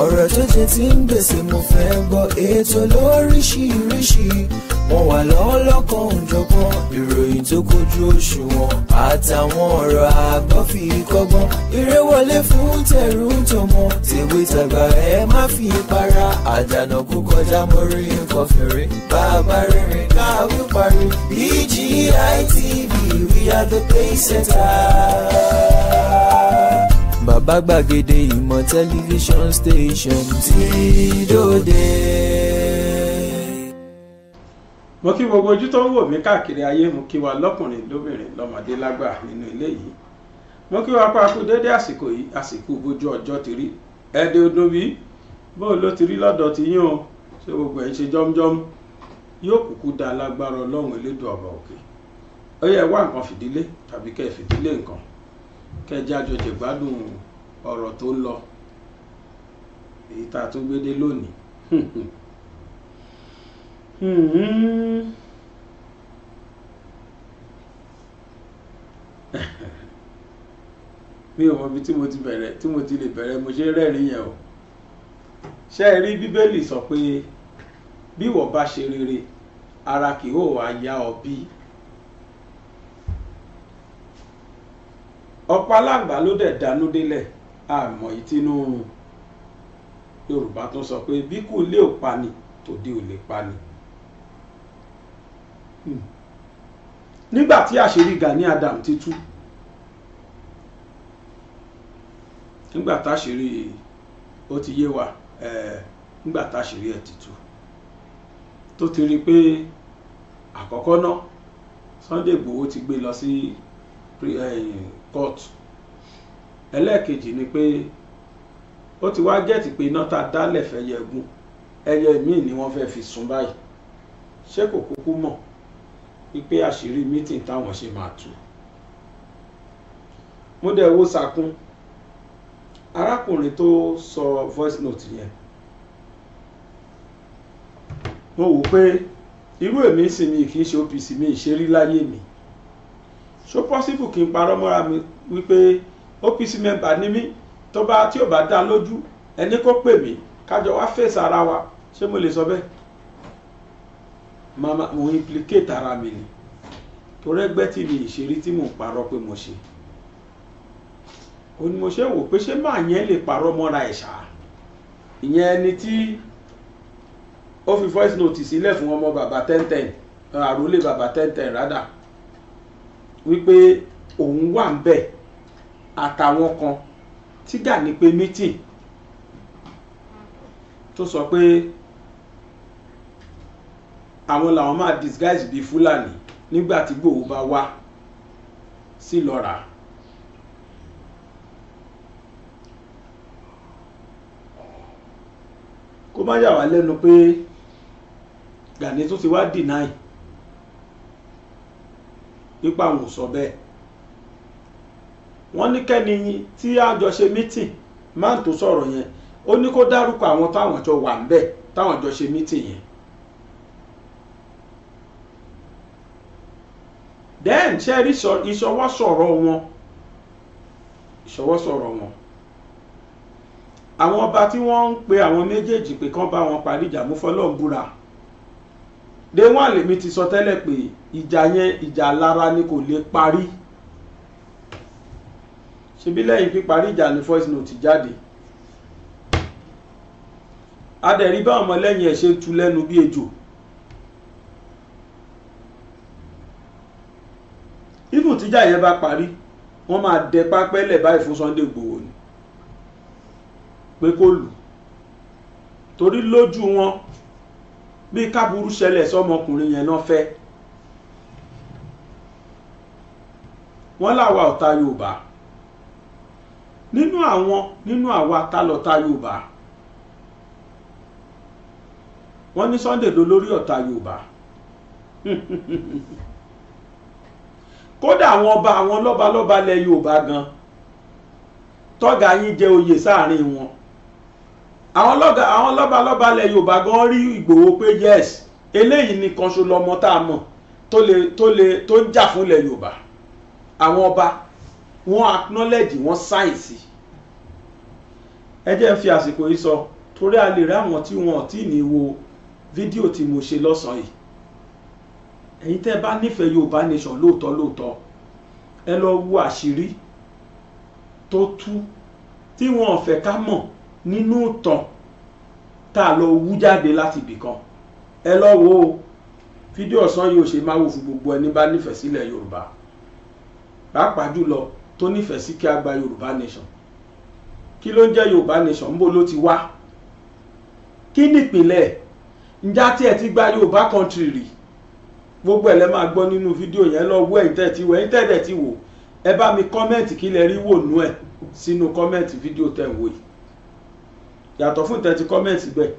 ọ̀rọ̀ tó jẹ ti ń gbèsè mo fẹ́ gbọ́ ètò lóríṣiríṣi wọ́n wà lọ́wọ́ lọ́kàn òjọ̀kan ìròyìn tó kojú òṣùwọ̀n àtàwọn ọ̀rọ̀ àgbọ́ fi kọ́gbọ́n eré wọlé fún tẹ̀rù tọmọ tèwe tàgbà ẹ má fi para àdànà kú kọjá mọ́rí nǹkan fèrè bàbá rìnrìn káwí parí BGI e TV we are the pace setter bàbá gbàgede ìmọ̀ tẹlifíṣọ̀n station ti dòde. mo kí gbogbo ojú tó ń wò mí káàkiri ayé mo kí wa lọ́kùnrin lóbìnrin lọ́mọdé lágbà nínú ilé yìí mo kí wa pa kú dédé àsìkò yìí àsìkò bójú ọjọ́ ti rí ẹ̀ẹ́dẹ́ ọdún bíi bóun ló ti rí lọ́dọ̀ ti yín o ṣé gbogbo ẹ̀ ń ṣe jọ́mjọ́m yóò kúkú da lágbára ọlọ́run elédùn ọ̀bà òkè ó yẹ wá nǹkan fìdílé tàbí kẹ́ fìdílé nǹkan kẹjá jọ jẹ̀gbádùn ọ̀rọ̀ tó ń lọ èyí tá a tún gbé dé lónìí. mi ò mọ ibi tí mo ti bẹ̀rẹ̀ tí mo ti lè bẹ̀rẹ̀ mo ṣe rẹ́rìn yẹn o ṣé ẹ rí bíbélì sọ pé bí ìwọ bá ṣe rere ara kì í hò wá yá ọ bí ọ̀pọ̀ aláǹgbá ló dẹ̀ dánú délẹ̀ àmọ́ ìtinú Yorùbá tún sọ pé bí kú ilé ò pani tòde ò lè pani. Hmm. nígbà tí àṣírí Gani Adam ti tú nígbà táṣírí ó ti yé wa nígbà táṣírí ẹ̀ ti tú tó ti rí i pé àkọ́kọ́ náà Sunday Igboho ti gbé lọ sí court ẹlẹ́ẹ̀kejì ni pé ó ti wá gẹ̀ẹ́tì pé iná ta dálẹ̀ fẹ́ yẹ gùn ẹyẹ míì ni wọ́n fẹ́ fi sùn báyìí ṣé kò kúkú mọ̀ wípé àṣírí mítìn táwọn ṣe máa tú mo dẹ̀ wo sàkún arákùnrin tó sọ voice note yẹn mo wò pé irú èmi sì mi kì í ṣe OPC mi ìṣerí láyé mi ṣó pọ́sibù kí n parọ́ mọ́ra mi wípé OPC mẹ́mbà ni mí tó bá tí ò bá dá lójú ẹni kó pè mí kájọ wá fèsì ara wa ṣé mo lè sọ bẹ́ẹ̀ mama mo implicate ara mi ni torí ẹgbẹ́ tí mi ìṣeré tí mò ń parọ́ pé mo ṣe ó mo ṣe wò pé ṣé máa yẹn lè parọ́ mọ́ra ẹ̀ ṣá ìyẹn ẹni tí ó fi voice note sílẹ̀ fún ọmọ bàbá ten ten àròlé bàbá ten ten rádà wípé òun wà ń bẹ̀ àtàwọn kan tí Gani pé meeting tó sọ pé àwọn làwọn máa disguise bíi Fúlàní nígbà tí Ìgbòho bá wá sí lọ́ra. Si kó má yà wá lẹ́nu pé Gani tó ti wá deny nípa àwọn sọ bẹ́ẹ̀ wọ́n ní kẹ́ni tí àjọ ṣe mítìn máa ń tó sọ̀rọ̀ yẹn ó ní kó dárúkọ àwọn táwọn jọ wà ń bẹ̀ táwọn jọ ṣe mítìn yẹn then ṣe rí ìṣọwọ́sọ̀rọ̀ wọn ìṣọwọ́sọ̀rọ̀ wọn àwọn ọba tí wọ́n ń pe àwọn méjèèjì pé kán bá wọn parí ìjà mú fọlọ́ọ̀gbúra dé wọn àlèmi ti sọ tẹ́lẹ̀ pé ìjà yẹn ìjà lára ni kò lè parí ṣebí lẹ́yìn píparí ìjà ni voice note jáde adẹ̀rí báwọn ọmọlẹ́yìn ẹ̀ ṣe tu lẹ́nu bí ejò ibùn tíjà yẹn bá parí wọ́n máa dẹ pápẹ́lẹ̀ báyìí fún Sunday Igboho ni pé kó lù torí lójú wọn bí káburú ṣẹlẹ̀ sọmọkùnrin yẹn náà fẹ́ẹ́ wọ́n làwa ọ̀tá yorùbá nínú àwọn nínú àwa ta lọ̀tá yorùbá wọ́n ní Sunday dolórí ọ̀tá yorùbá kódà àwọn ọba àwọn lọ́balọ́ba lẹ yorùbá gan tọ́gà yín jẹ oyè sáàrin wọn àwọn lọ́balọ́ba lẹ yorùbá gan rí ìgbòho pé yes eléyìí ni kan ṣo lọmọ tá a mọ̀ tó lè tó lè tó ń jà fúnlẹ̀ yorùbá àwọn ọba wọ́n acknowledge wọ́n sáyẹ̀sì ẹ jẹ́ ń fi àsìkò yìí sọ torí a lè rí àwọn tí wọn ò tí ì ní wo fídíò tí mo ṣe lọ́sàn-án yìí ẹ̀yin tẹ́ bá nífẹ̀ẹ́ Yorùbá Nation lóòótọ́ lóòótọ́ ẹ lọ wo àṣírí tó tú tí wọn ò fẹ́ ká mọ̀ nínú ìtàn tá a lọ wú jáde láti ibìkan ẹ lọ wo fídíò ọ̀sán yìí ò ṣe máa wò fún gbogbo ẹni bá nífẹ̀ẹ́ sílẹ̀ Yorùbá pàápàá jùlọ tó nífẹ̀ẹ́ sí kí a gba yorùbá nation kí ló ń jẹ́ yorùbá nation ń bo ló ti wá kí nìpínlẹ̀ njá tí ẹ ti gba yorùbá country rì gbogbo ẹ̀ lẹ́ máa gbọ́ nínú fídíò yẹn lọ wọ ẹ̀yìn tẹ́ẹ̀ wọ ẹ̀yìn tẹ́ẹ̀ wò ẹ bá mi kọ́mẹ́ǹtì kí lẹ rí wò nú ẹ̀ sínú kọ́mẹ́ǹtì fídíò tẹ̀ ń wò yìí yàtọ̀ fún ìtẹ́tí kọ́mẹ́ǹtì bẹ́ẹ̀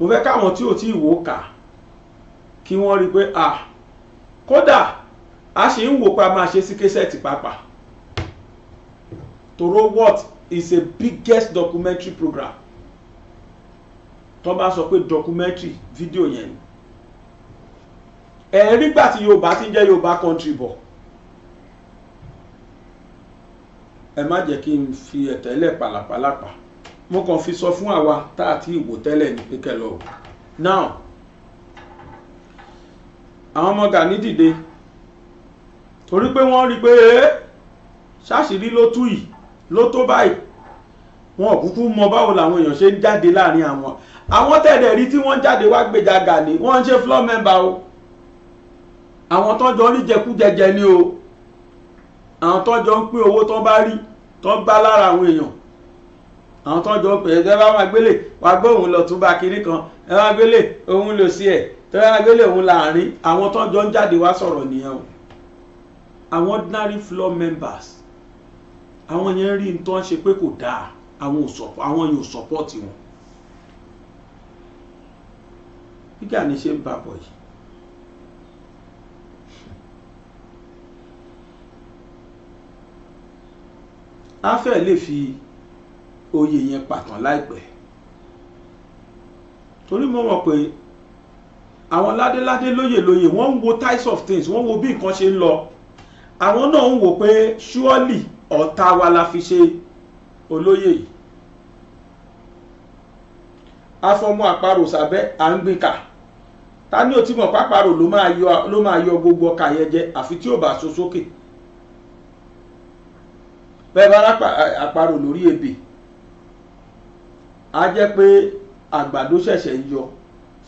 mo fẹ́ káwọn tí ò tí ì wò kà kí wọ́n rí i pé ah kódà a ṣe ń wò pa máa ṣe sí kẹsẹ̀tì pàápàá toro what is a biggest documentary program tó bá sọ pé documentary video yẹn ni ẹ̀ẹ́rí gbà tí Yorùbá ti ń jẹ́ Yorùbá country bọ̀ ẹ má jẹ́ kí n fi ẹ̀tẹ́lẹ̀ pàlàpàlàpà mo kàn fi sọ fún àwa tá àti ìwò tẹ́lẹ̀ ní pé kẹ́ now àwọn ọmọ Gani dìde torí pé wọ́n rí pé ṣàṣírí ló tú yìí ló tó báyìí wọn ò kúkú mọ báwo làwọn èèyàn ṣe ń jáde láàrin àwọn àwọn tẹ̀lẹ̀ rí tí wọ́n jáde wá gbèjà gàlè wọ́n ń ṣe floor member o àwọn tó jọ ń rí jẹkújẹjẹ ni o àwọn tó jọ ń pín owó tó bá rí tó bá lára àwọn èèyàn àwọn tó ń jọ pé ẹ bá máa gbélé wàá gbé òun lọ tún bá kinní kan ẹ bá gbélé òun lò sí ẹ tẹ bá gbélé òun láàrin àwọn tó ń jáde wá sọ̀rọ̀ nìyẹn o àwọn ordinary floor members àwọn yẹn rí nǹkan ṣe pé kò dáa àwọn yóò support wọn bí Gani ṣe ń bàbọ̀ yìí afẹ́ lè fi oyè yẹn pàtàn láìpẹ́ torí mo mọ̀ pé àwọn ládéládé lóyè lóyè wọ́n ń wo types of things wọ́n ń wo bí nǹkan ṣe ń lọ àwọn náà ń wò pé ṣúọ́lì ọ̀tá wa la fi ṣe olóyè yìí afọmọ àparò sábẹ́ à ń gbìn kà ta ni ó ti mọ̀ pápárò ló máa yọ gbogbo ọkà yẹn jẹ àfi tí ò bá so sókè bẹ́ẹ̀ bá àparò lórí ebè á jẹ́ pé àgbàdo ṣẹ̀ṣẹ̀ yọ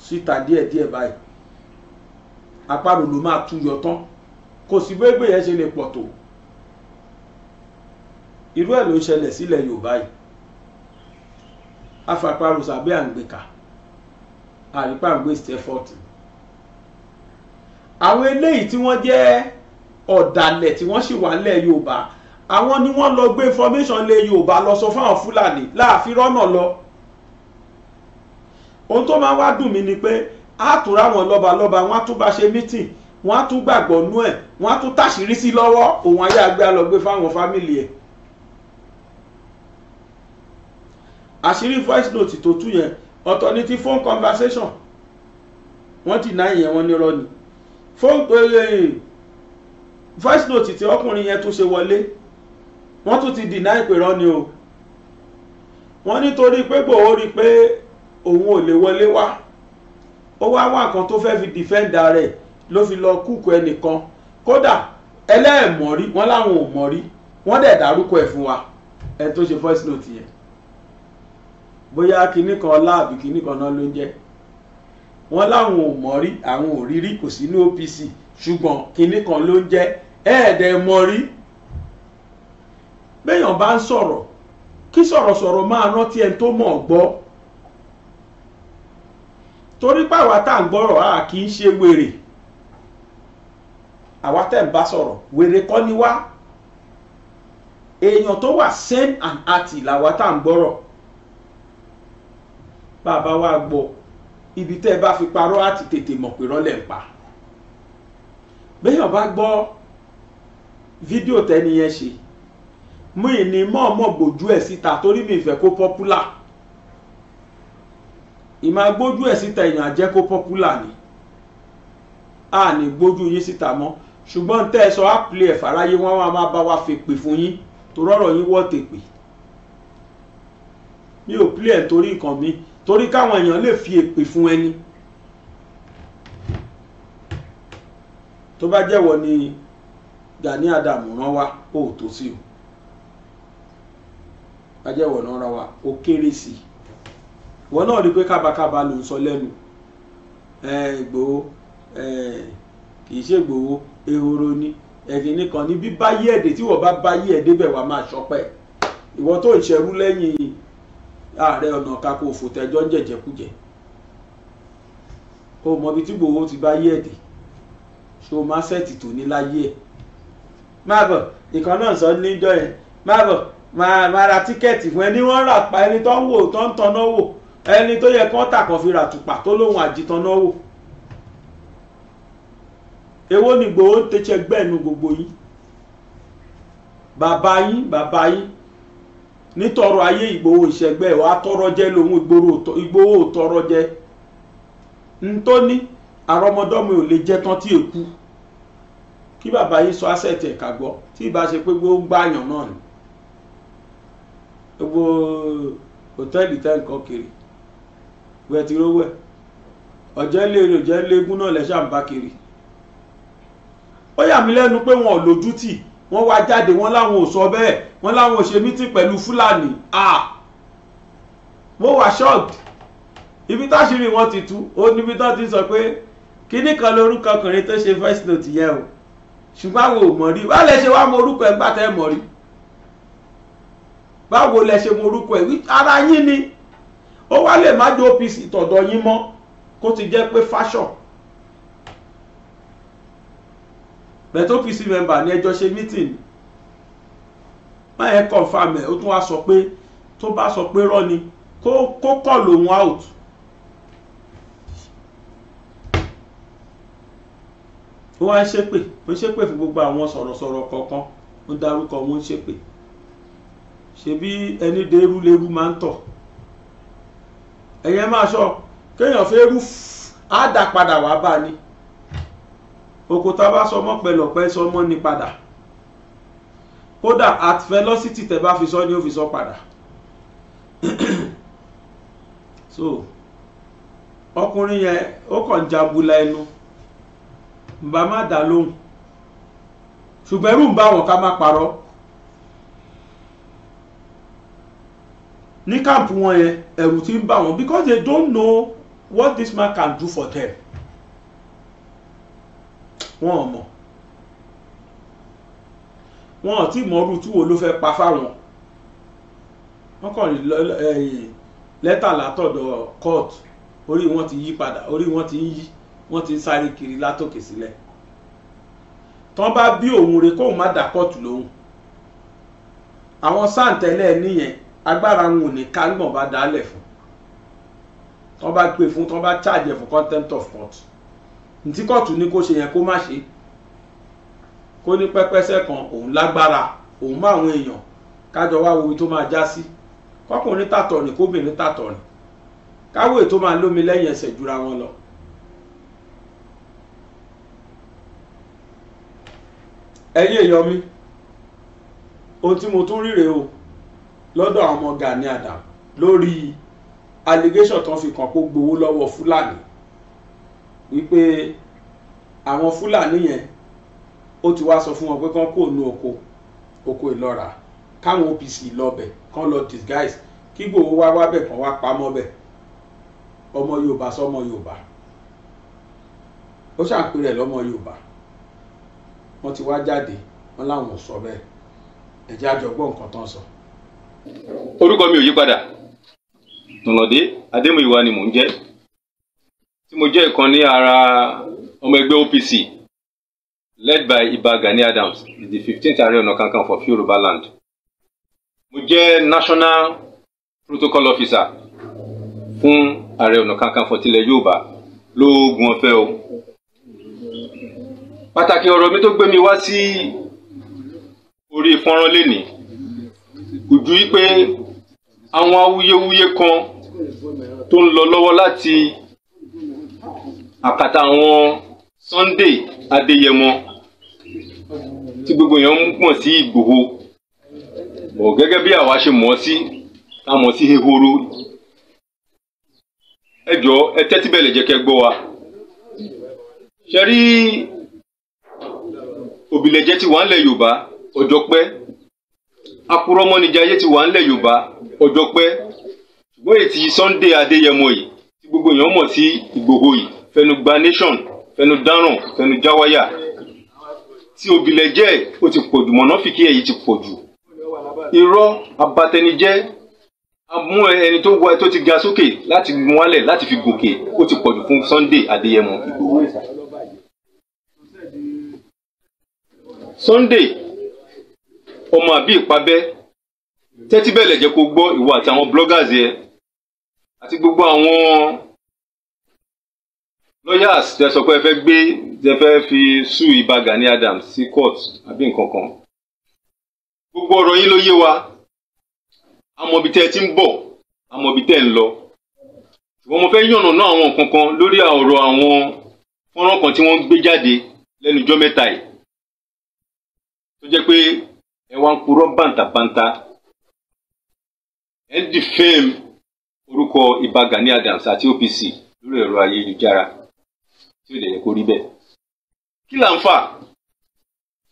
síta díẹ̀díẹ̀ báyìí àparò ló máa tú yọ tán kò sí gbégbé yẹn ṣe lè pọ̀ tó irú ẹ̀ ló ṣẹlẹ̀ sílẹ̀ Yorùbá yìí afàparùsà bí àǹgbèkà àrípàǹgbè Stefford àwọn eléyìí tí wọ́n jẹ́ ọ̀dàlẹ̀ tí wọ́n sì wà nílẹ̀ Yorùbá àwọn ni wọ́n lọ gbé information lé Yorùbá lọ sọ fáwọn Fúlàní láàfin rọ́nà lọ ohun tó máa wá dùn mí ni pé àtúrà wọn lọ́balọ́ba wọn á tún bá ṣe mítìn wọ́n á tún gbàgbọ́ nú ẹ̀ wọ́n á tún tàṣírí sí lọ́wọ́ òun ayé àgbẹ̀ alọ́gbé fáwọn fámìlì ẹ̀ àṣírí voice note tó tú yẹn ọ̀tọ̀ ni ti phone conversation wọ́n ti náà yẹn wọ́n ní irọ́ ni phone eh, voice note tí ọkùnrin yẹn tún ṣe wọlé wọ́n tún ti deny pé irọ́ ni o wọ́n nítorí pé Ìgbòho rí i pé òun ò lè wọlé wá ó wá wá nǹkan tó fẹ́ fi defend rẹ̀ ló fi lọ kúkú ẹnìkan kódà ẹlẹ́ẹ̀mọ̀rí wọ́n láwọn ò mọ̀rí wọ́n dẹ̀ dárúkọ ẹ̀ fún wa ẹ tó ṣe voice note yẹn bóyá kinní kan ọlá àbí kinní kan náà ló ń jẹ́ wọ́n láwọn ò mọ̀rí àwọn ò rírí kò sí ní OPC ṣùgbọ́n kinní kan ló ń jẹ́ ẹ̀ẹ́dẹ̀ mọ̀rí béèyàn bá ń sọ̀rọ̀ kí sọ̀rọ̀sọ̀rọ̀ máa rántí ẹni tó mọ̀ gbọ́ torí pàwọ́ tá à ń gbọ́rọ̀ a kì í ṣe wèrè àwa tẹ̀ ń bá sọ̀rọ̀ wèrè kọ́ ni wá èèyàn tó wà sane and hearty làwa tá à ń gbọ́rọ̀ bàbá wa gbọ́ ibi tẹ́ ẹ bá fi parọ́ àti tètè mọ̀ pé rọ́lẹ̀ ń pa béèyàn bá gbọ́ fídíò tẹ́ni yẹn ṣe mú ìní mọ̀ọ́mọ̀ gbójú ẹ̀ síta torí mi ìfẹ́ kó pọ́pùlà ìmá gbójú ẹ̀ síta èèyàn àjẹ́ kó pọ́pùlà ni a ní gbójú yín síta mọ́ ṣùgbọ́n tẹ́ ẹ sọ ápìlẹ̀ ẹ̀fàráyé wọn wá máa bá wa fèpè fún yín tó rọ̀rọ̀ yín wọ́ tèpè mi ò pílẹ̀ torí nǹkan mi torí káwọn èèyàn lè fi èpè fún ẹni tó bá jẹ́wọ́ ni Gani adamu rán wa ó tó sí o bá jẹ́wọ́ náà rán wa ó kéré sí i ìwọ náà rí i pé kábàkábà ló ń sọ lẹ́nu ẹ̀ Ìgbòho ẹ̀ kì í ṣègbòho ehoro ni ẹ̀kíní kan ní bíbáyé ẹ̀dẹ̀ tí wọ́n bá báyé ẹ̀dẹ̀ bẹ̀ wá máa ṣọpẹ́ ìwọ tó ń ṣerú lẹ́yìn ààrẹ ọ̀nà kakanfò tẹjọ́ ń jẹ̀jẹ̀kújẹ̀ o mọ ibi tí gbòòwò ti báyé ẹ̀dẹ̀ ṣo máa sẹ́ẹ̀tì tó ní láyé ẹ̀ má bọ̀ ìkan náà sọ níjọ́ yẹn má bọ̀ máa ra tíkẹ́ẹ̀tì fún ẹni wọ́n rà pa ẹni tó ń wò tó ń tanná wò ẹni tó yẹ kán tàkàn fi rà tùpà tó lóun àjìtanná wò èwo ni Ìgbòho ń tẹ̀sẹ̀ gbẹ̀nu gbogbo yín bàbá yín bàbá yín nítọrọ ayé Ìgbòho ìṣẹ̀gbẹ́ wa tọrọ jẹ lòun Ìgbòho tọrọ jẹ ntóní àrọmọdọ́mọ ò lè jẹ́ tán tí èkú kí bàbá yìí sọ asẹ́ẹ̀tì ẹ̀ka gbọ́ tí ìbá ṣe pé gbogbo ń náà ni gbogbo hòtẹ́ẹ̀lì tẹ́ nǹkan kiri wẹ̀ tí rówẹ̀ ọ̀jẹ́ lé èrè ọ̀jẹ́ lé egún náà lẹ́ṣà kiri ó yà mí lẹ́nu pé wọn ò lójútì wọ́n wá jáde wọ́n láwọn ò sọ bẹ́ẹ̀ wọ́n láwọn ò ṣe mítìn pẹ̀lú fúlàní ah mo wà shocked ibi táṣírí wọn ti tú ó níbi tó ti sọ pé kinní kan lórúkọ ọkùnrin tó ṣe first note yẹn o ṣùgbọ́n àwọn ò mọ̀ rí wá lẹ ṣe wá mọ orúkọ ẹ̀ ńgbà tẹ́ ẹ mọ̀ rí báwo lẹ ṣe mọ orúkọ ẹ̀ ara yín ni ó wá lè má jó OPC tọ̀dọ̀ yín mọ́ kó ti jẹ́ pé fashion bẹ́ẹ̀ tó pc member ní ẹjọ́ ṣe meeting má yẹ confam ẹ̀ ó tún wá sọ pé tó bá sọ pé rọ́ ni kó kọ́ lòun out ó wá ń ṣépè ó ń ṣépè fún gbogbo àwọn sọ̀rọ̀sọ̀rọ̀ kọ̀ọ̀kan ó dárúkọ wọn ń ṣépè ṣebí ẹni dérú lérú máa ń tọ̀ ẹ̀yẹn máa ṣọ kéèyàn fẹ́ rú á dá padà wá bá a ní oko tá a bá sọ mọ́ pẹlọpẹ sọ mọ́ ni padà kódà at velocity tẹ bá fi sọ ni ó fi sọ padà so ọkùnrin yẹn ó kàn jabula ẹnu bá má dá lóhùn ṣùgbọ́n ẹrù bá wọn ká má parọ́ ní káàpù wọn yẹn ẹrù ti ń bá wọn because they don't know what this man can do for them wọn ò mọ̀ wọn ò tí mọ irú túwo ló fẹ́ pa fáwọn wọn kàn rí lẹ́tà látọ̀dọ̀ court orí wọn ti yí padà orí wọn ti ń yí wọn ti ń sáré kiri látòkè sílẹ̀ tán bá bí òun re kóun má dà kóòtù lóhùn àwọn sáǹtẹ̀lẹ̀ nìyẹn agbára wọn ò ní ká nígbọ̀n bá dálẹ̀ fún tán bá gbé fún tán bá charge fún contempt of court ntí kóòtù ní kó ṣe yẹn kó má ṣe kó ní pẹ́pẹ́sẹ́ kan òun lágbára òun mọ àwọn èèyàn kájọ wá wo ibi tó máa já sí kọkùnrin tàtọ̀ ni kóbìnrin tàtọ̀ ni káwé tó máa lómi lẹ́yìn ẹsẹ̀ jura wọn lọ. ẹ̀yin èèyàn mi ohun tí mo tún ríre o lọ́dọ̀ àwọn ọmọ Gani Adam lórí allegation tó ń fi kàn pé ó gbowó lọ́wọ́ Fúlàní wípé àwọn fúlàní yẹn ó ti wá sọ fún wọn pé kán kò nu oko oko ìlọ́ra káwọn OPC lọ́bẹ̀ kán lọ disguise kí Ìgbòho wá wábẹ̀ kán wá pamọ́ bẹ̀ ọmọ Yorùbá sọmọ Yorùbá ó ṣàpè rẹ̀ lọ́mọ Yorùbá wọ́n ti wá jáde wọ́n láwọn ò sọ bẹ́ẹ̀ ẹ̀jẹ̀ àjọgbọ́n nǹkan tán sọ. orúkọ mi ò yí padà tùnlọ̀dé adémọ̀yíwá ni mò ń jẹ́ tí mo jẹ́ ìkan ara ọmọ ẹgbẹ́ OPC led by Iba Gani Adams is the fifteenth Ààrẹ Ọ̀nà Kakanfò of Yorùbá land mo jẹ́ national protocol officer fún Ààrẹ Ọ̀nà for tilẹ̀ Yorùbá lóògùn ọ̀fẹ́ o pàtàkì ọ̀rọ̀ mi tó gbé mi wá sí orí fọ́nrán lẹ́nìí kò ju wípé àwọn awuyewuye kan tó ń lọ lọ́wọ́ láti àkàtà àwọn Sunday Adéyẹmọ tí gbogbo èèyàn ń pọ̀ sí Ìgbòho bọ̀ gẹ́gẹ́ bí àwa ṣe mọ̀ sí tá a mọ̀ sí ehoro ẹ jọ ẹ tẹ́tí bẹ́ẹ̀ lè jẹ́ kẹ́ gbọ́ wa ṣe rí òbílẹ̀jẹ́ ti wà ńlẹ̀ Yorùbá ọjọ́ pẹ́ akurọ́mọ́nijayé ti wà ńlẹ̀ Yorùbá ọjọ́ pẹ́ ṣùgbọ́n èyí ti Sunday Adéyẹmọ yìí tí gbogbo èèyàn mọ̀ sí Ìgbòho yìí fẹnu gba nation fẹnu dáràn fẹnu jáwáyà tí òbílẹ̀ jẹ́ ó ti pọ̀jù mọ̀nàfíkì èyí ti pọ̀jù irọ́ abatẹnijẹ́ amú ẹni tó wọ tó ti ga sókè láti mú wálẹ̀ láti fi gòkè ó ti pọ̀jù fún Sunday Adéyẹmọ Ìgbòho. Sunday ọmọ àbí ìpabẹ́ tẹ́tí bẹ́ẹ̀ lẹ̀ jẹ́ kó gbọ́ ìwọ àti àwọn bloggers yẹ àti gbogbo àwọn lawyers tẹ sọ pé ẹ fẹ́ gbé tẹ fẹ́ fi sue ibà Gani Adams sí court àbí nǹkan kan gbogbo ọ̀rọ̀ yín ló yé wa amọ̀bi tẹ́ ti ń bọ̀ amọ̀bi tẹ́ ẹ ń lọ ṣùgbọ́n mo fẹ́ yànnà náà àwọn nǹkan kan lórí ọ̀rọ̀ àwọn fọ́nrán kan tí wọ́n ń gbé jáde lẹ́nu ọjọ́ mẹ́ta yìí tó jẹ́ pé ẹ wá ń purọ́ bàǹtàbàǹtà ẹ ń dìfẹ́m orúkọ Ìbà Gani Adams àti OPC lórí ẹ̀rọ ayélujára. tí ò lè ní kó rí bẹ́ẹ̀. kí là ń fà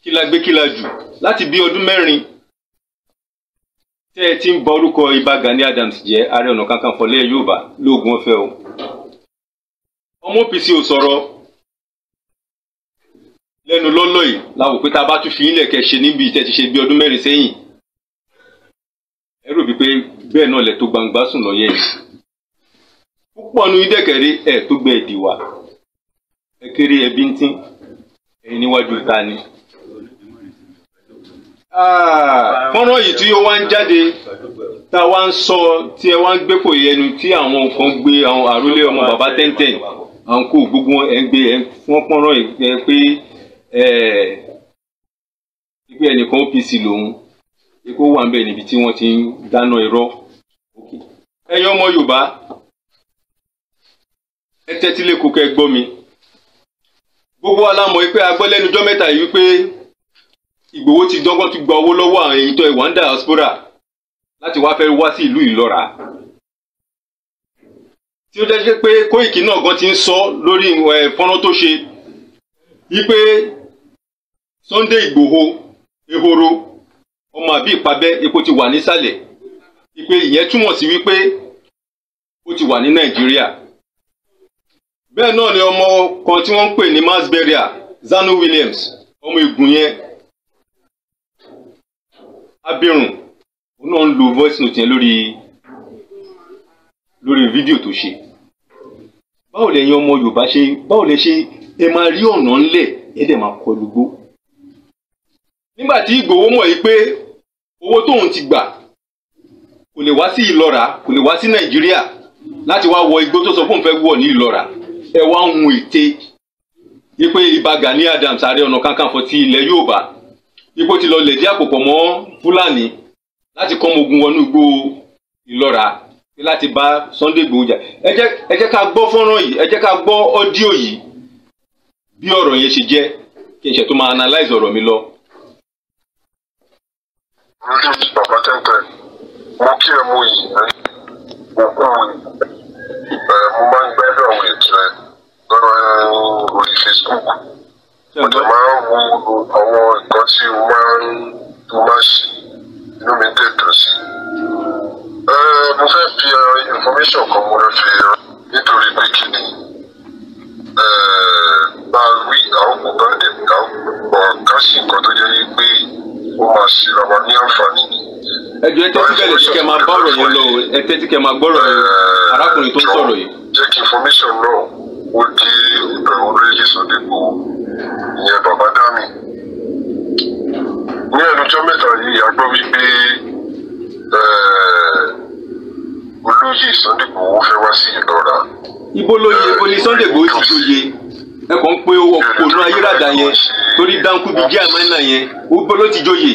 kí la gbé kí la jù láti bí ọdún mẹ́rin tẹ́ ẹ ti ń bọ orúkọ Ìbà Gani Adams jẹ́ Ààrẹ Ọ̀nà Kakanfò lẹ́yìn Yorùbá lóògùn ọ̀fẹ́ o ọmọ OPC ò sọ̀rọ̀ lẹ́nu lọ́lọ́ yìí la wò pé tá a bá tún fi ilẹ̀ kẹ́ ṣe níbi ìtẹ́ ti ṣe bí ọdún mẹ́rin sẹ́yìn ẹ rò bíi pé bẹ́ẹ̀ náà lẹ̀ tó gbangba sùn lọ́yẹ̀ yìí púpọ̀ nu ìdẹ́kẹ̀rẹ́ ẹ̀ tó gbẹ ìdìwà ekiri ebi ntí èyí níwájú ta ni. Ah, fọ́nrán yìí tí ó wá ń jáde tá a wá ń sọ tí ẹ wá ń gbé kò yẹnu tí àwọn kan gbé àwọn àrólé ọmọ bàbá tẹ́ntẹ́n àwọn kò gbogbo ẹ̀ ń gbé ẹ̀ wọ́n fọ́nrán yìí pé ibi ẹnìkan OPC lòun ikú wà ń bẹ níbi tí wọ́n ti ń dáná irọ́ ẹ̀yin ọmọ Yorùbá ẹ tẹ́tí lẹ́kọ̀ọ́ kẹ́ gbọ́ mi. gbogbo wa la mọ̀ pé a gbọ́ igbowo mẹ́ta yìí Ìgbòho ti dọ́gbọ́n ti gba owó lọ́wọ́ àwọn èyí tó ìwà ń diaspora láti wá fẹ́ wá sí ìlú ìlọ́ra tí ó jẹ́ pé Kóìkì náà gan ti ń sọ lórí fọ́nrán tó ṣe wípé Sunday Ìgbòho ehoro ọmọ àbí epo ti wà nísàlẹ̀ wípé ìyẹn túmọ̀ sí wípé ó ti wà bẹ́ẹ̀ náà ni ọmọ kan tí wọ́n ń pè ní mass Zanu Williams ọmọ Ègùn yẹn abirùn òun náà ń lo voice note yẹn lórí lórí fídíò tó ṣe báwo lẹ̀yin ọmọ Yorùbá ṣe báwo lẹ ṣe ẹ máa rí ọ̀nà ńlẹ̀ ẹ dẹ̀ máa kọlu gbó nígbà tí Ìgbòho mọ̀ yìí pé owó tóun ti gbà kò lè wá sí Ìlọ́ra kò lè wá sí Nàìjíríà láti wá wọ igbó tó sọ fóun fẹ́ wọ̀ ní Ìlọ́ra ẹ wá ń hun ète wípé ibà Gani Adams Ààrẹ Ọ̀nà Kakanfò ti ilẹ̀ Yorùbá ipò ti lọ lè dí àpòpọ̀ mọ́ Fúlàní láti kọ́ ogun wọnú igbó Ìlọ́ra láti bá Sunday Igboho jà ẹ jẹ́ ká gbọ́ fọ́nrán yìí ẹ jẹ́ ká gbọ́ ọ́díò yìí bí ọ̀rọ̀ yẹn ṣe jẹ́ kí n ṣe tó máa analyze ọ̀rọ̀ mi lọ. lórí bàbá tẹ́ntẹ́ mo kí ẹ mú iyì rẹ mo kún mo máa ń gbádùn àwọn ètò ẹ lórí Facebook mo dẹ̀ máa ń wo àwọn nǹkan tí mo máa ń mo máa ṣe inú mi dẹ̀ dùn sí. mo fẹ́ fi information kan mo fẹ́ fi nítorí pé kí ni bá a wí àwọn kò bá dẹ̀ ká sí nǹkan tó jẹ́ pé ó máa ṣe ra ní àǹfààní ni ẹjọ ẹtẹ tí bẹ̀rẹ̀ kẹ máa bá ọ̀rọ̀ yẹn lọ ẹtẹ tí kẹ máa gbọ́rọ̀ yẹn arákùnrin tó ń sọ̀rọ̀ yìí. jẹ́ kí information náà ó di ọ̀dọ̀ olóyè sọ̀dẹ́gbò ìyẹn bàbá dami ní ẹnujọ́ mẹ́ta yìí a gbọ́ wípé eh, olóyè sọ̀dẹ́gbò fẹ́ wá sí ìlọ́ra. ibo lóye ibo ni Sunday Igboho ti lóye ẹ kàn ń pé owó ònú ayírádà yẹn torí dáńkú bíi díẹ̀ mẹ́nà yẹn ó gbọ́ ló ti jóye.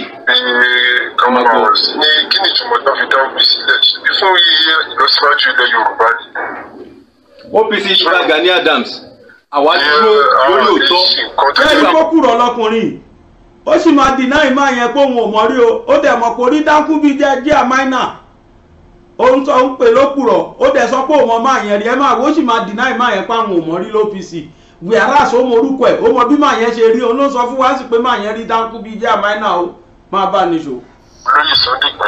kọ́mọ ní kí ni ìtumọ̀ náà fi dá òbí sílẹ̀ ṣíbí fún iye ìlọsíwájú ilẹ̀ Yorùbá ni. OPC ìgbà Gani Adams àwa dúró lórí òótọ́. bẹ́ẹ̀ ni kó kúrò lọkùnrin ó sì máa dìná ìmọ̀ yẹn pé òun ò mọ̀ rí o ó dẹ̀ mọ̀ kó rí dáńkú bíi díẹ̀ díẹ̀ mẹ́nà òun tó ń pè lókùrọ̀ ó dẹ̀ sọ pé òun ọmọ àyẹ̀rí ẹ máa wò sì máa dìná ìmọ̀ yẹn pé àwọn ò mọ̀ rí lópìsì wíárà sọ mọ orúkọ ẹ̀ ó mọ bí màá yẹn ṣe rí òun ló sọ fún wa sí pé màá yẹn rí dáńkú bíi jẹ́ àmáínà ó máa bá a níṣó. olóyè sọ nípa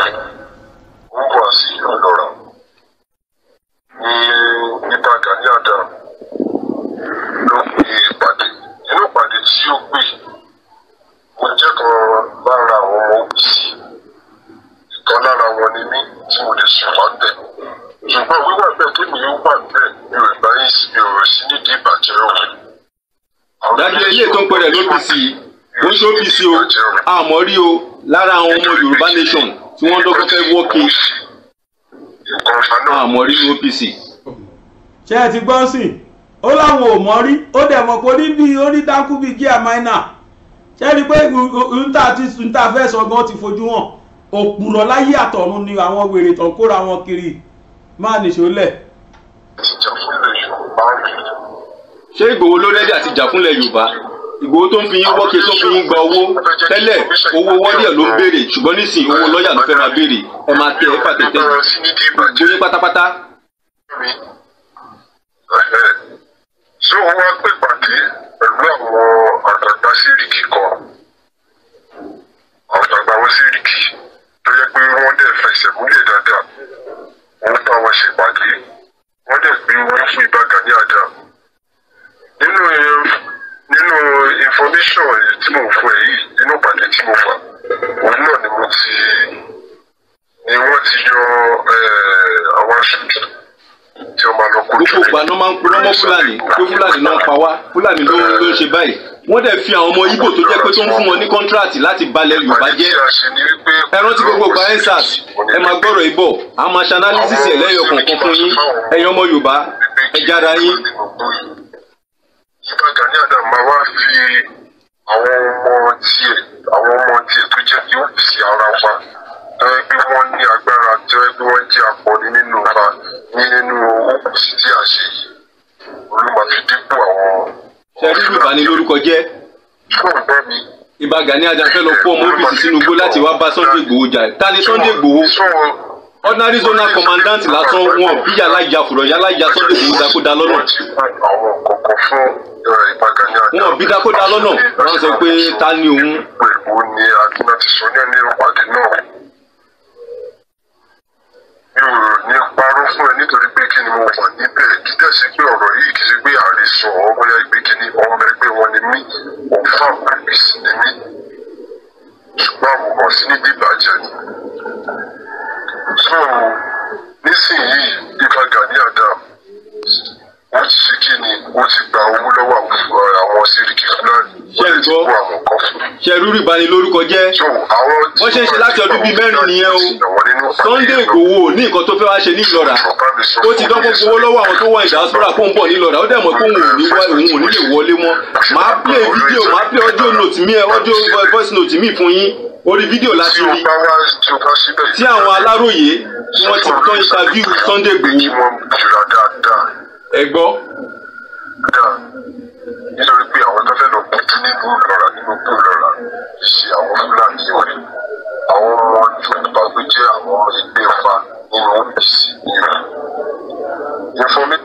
sókìsì o àmọ́ rí o lára àwọn ọmọ Yorùbá nation tí wọ́n dọ́kọ́ fẹ́ wọ́ọ̀kì àmọ́ rí ní OPC. ṣé ẹ ti gbọ́ sí i ó láwọn ò mọ̀ rí ó dẹ̀ mọ̀ pé níbi onídàkú bíi gíà máínà ṣé rí i pé nta fẹ́ sọ gan ti fojú hàn òpùrọ̀ láyé àtọ̀run ni àwọn wèrè tán kóra wọn kiri má nìṣó lẹ̀. ṣé Ìgbòho ló rẹ́jà ti jà fúnlẹ̀ Yorùbá Ìgbòho tó ń fi yín wọ́kẹ́ tó ń fi yín gba owó tẹ́lẹ̀ owó wọ́díẹ̀ ló ń béèrè ṣùgbọ́n nísìnyí owó lọ́ọ̀yà ló fẹ́ máa béèrè ẹ máa tẹ ẹ pàtẹ́tẹ́ gbóyè pátápátá. ṣé òun wá pè pàdé pẹ̀lú àwọn àgbàgbà sírìkì kan àwọn àgbàgbà wọn sírìkì tó yẹ pé wọ́n dẹ̀ fẹsẹ̀ múlẹ̀ dáadáa wọ́n bá wọn ṣèpàdé wọ́n dẹ̀ gbé wọn fún ìbàgà nínú information tí mo fún ẹ yìí nínú ìpàdé tí mo fà òun náà ni mo ti ni wọ́n ti yọ eh, àwọn aṣojú tí wọ́n máa lọ kó jùlọ. gbogbo àná máa ń purọ́ mọ́ fúlàní pé fúlàní náà pa wá fúlàní ló ló ń ṣe báyìí wọ́n dẹ̀ fi àwọn ọmọ Ìgbò tó jẹ́ pé tó ń fún wọn ní kọ́ńtíráàtì láti balẹ̀ Yorùbá jẹ́ ẹ rántí gbogbo gba ensars ẹ máa gbọ́rọ̀ ìbò a máa ṣe analysis ẹ̀ lẹ́yọ̀ kọ̀ọ̀kan fún yín ẹ̀yin ọmọ Yorùbá ẹ jára yín. Yínká Gani Adams máa wá fi àwọn ọmọ tiẹ̀ àwọn ọmọ tiẹ̀ tó jẹ́ yóò fi ara wa tọ́wọ́ pé wọ́n ní agbára tọ́wọ́ pé wọ́n jẹ́ akọni nínú ọba nínú òkùnsí tí a ṣe yìí olùmọ̀ fi dínkù àwọn. sẹ́rí ìbá ni lórúkọ jẹ́. ìbá Gani Adams fẹ́ lọ kó ọmọ apc sínú igbó láti wá bá Sunday Igboho jà ta ni Sunday Igboho ordinary zonal commandant lásán wọn bí yàrá ìyá yàrá ìyá sunday kò dá kó wọn bí dá kó wọn sọ pé ta ni òun. mi ò ní parọ́ fún ẹ nítorí pé kí ni mo wà níbẹ̀ kí sí pé ọ̀rọ̀ yìí kì í ṣe pé àrísọ ọmọ ẹgbẹ́ kí ni ọmọ ẹgbẹ́ wọn ni mí òun fún sí ni mí ṣùgbọ́n àkókò sí níbi ìbàjẹ́ ni. so nísìnyí Ifá Gani Adams wọ́n ti ṣe kí ni wọ́n ti gba owó lọ́wọ́ àwọn sẹ́ríkì fúlàní wọ́n ti kó àwọn kan fún. ṣẹ̀rúrú ìbanilórúkọ jẹ́ wọ́n ṣe ń ṣe láti ọdún bíi mẹ́rin nìyẹn o Sunday Igboho ní nǹkan tó fẹ́ wá ṣe nílọ́ra ó ti dán gbogbo owó lọ́wọ́ àwọn tó wọ ìdásọ́ra kó ń bọ̀ nílọ́ra ó dẹ̀ mọ̀ pé òun ò ní òun ò ní lè wọlé mọ́ màá play video màá play audio note mi audio voice note mi fún yín orí fídíò láti rí tí àwọn aláròyé tí wọ́n ti tán interview Sunday Igboho ẹ gbọ́. nítorí pé àwọn tó fẹ́ lọ kútú nínú ìlọ́ra nínú ìlú ìlọ́ra ṣe àwọn fúlàní wẹ̀ àwọn yorùbá tó jẹ́ àwọn ẹgbẹ́ fa nínú apc nínú ìfọ̀mí.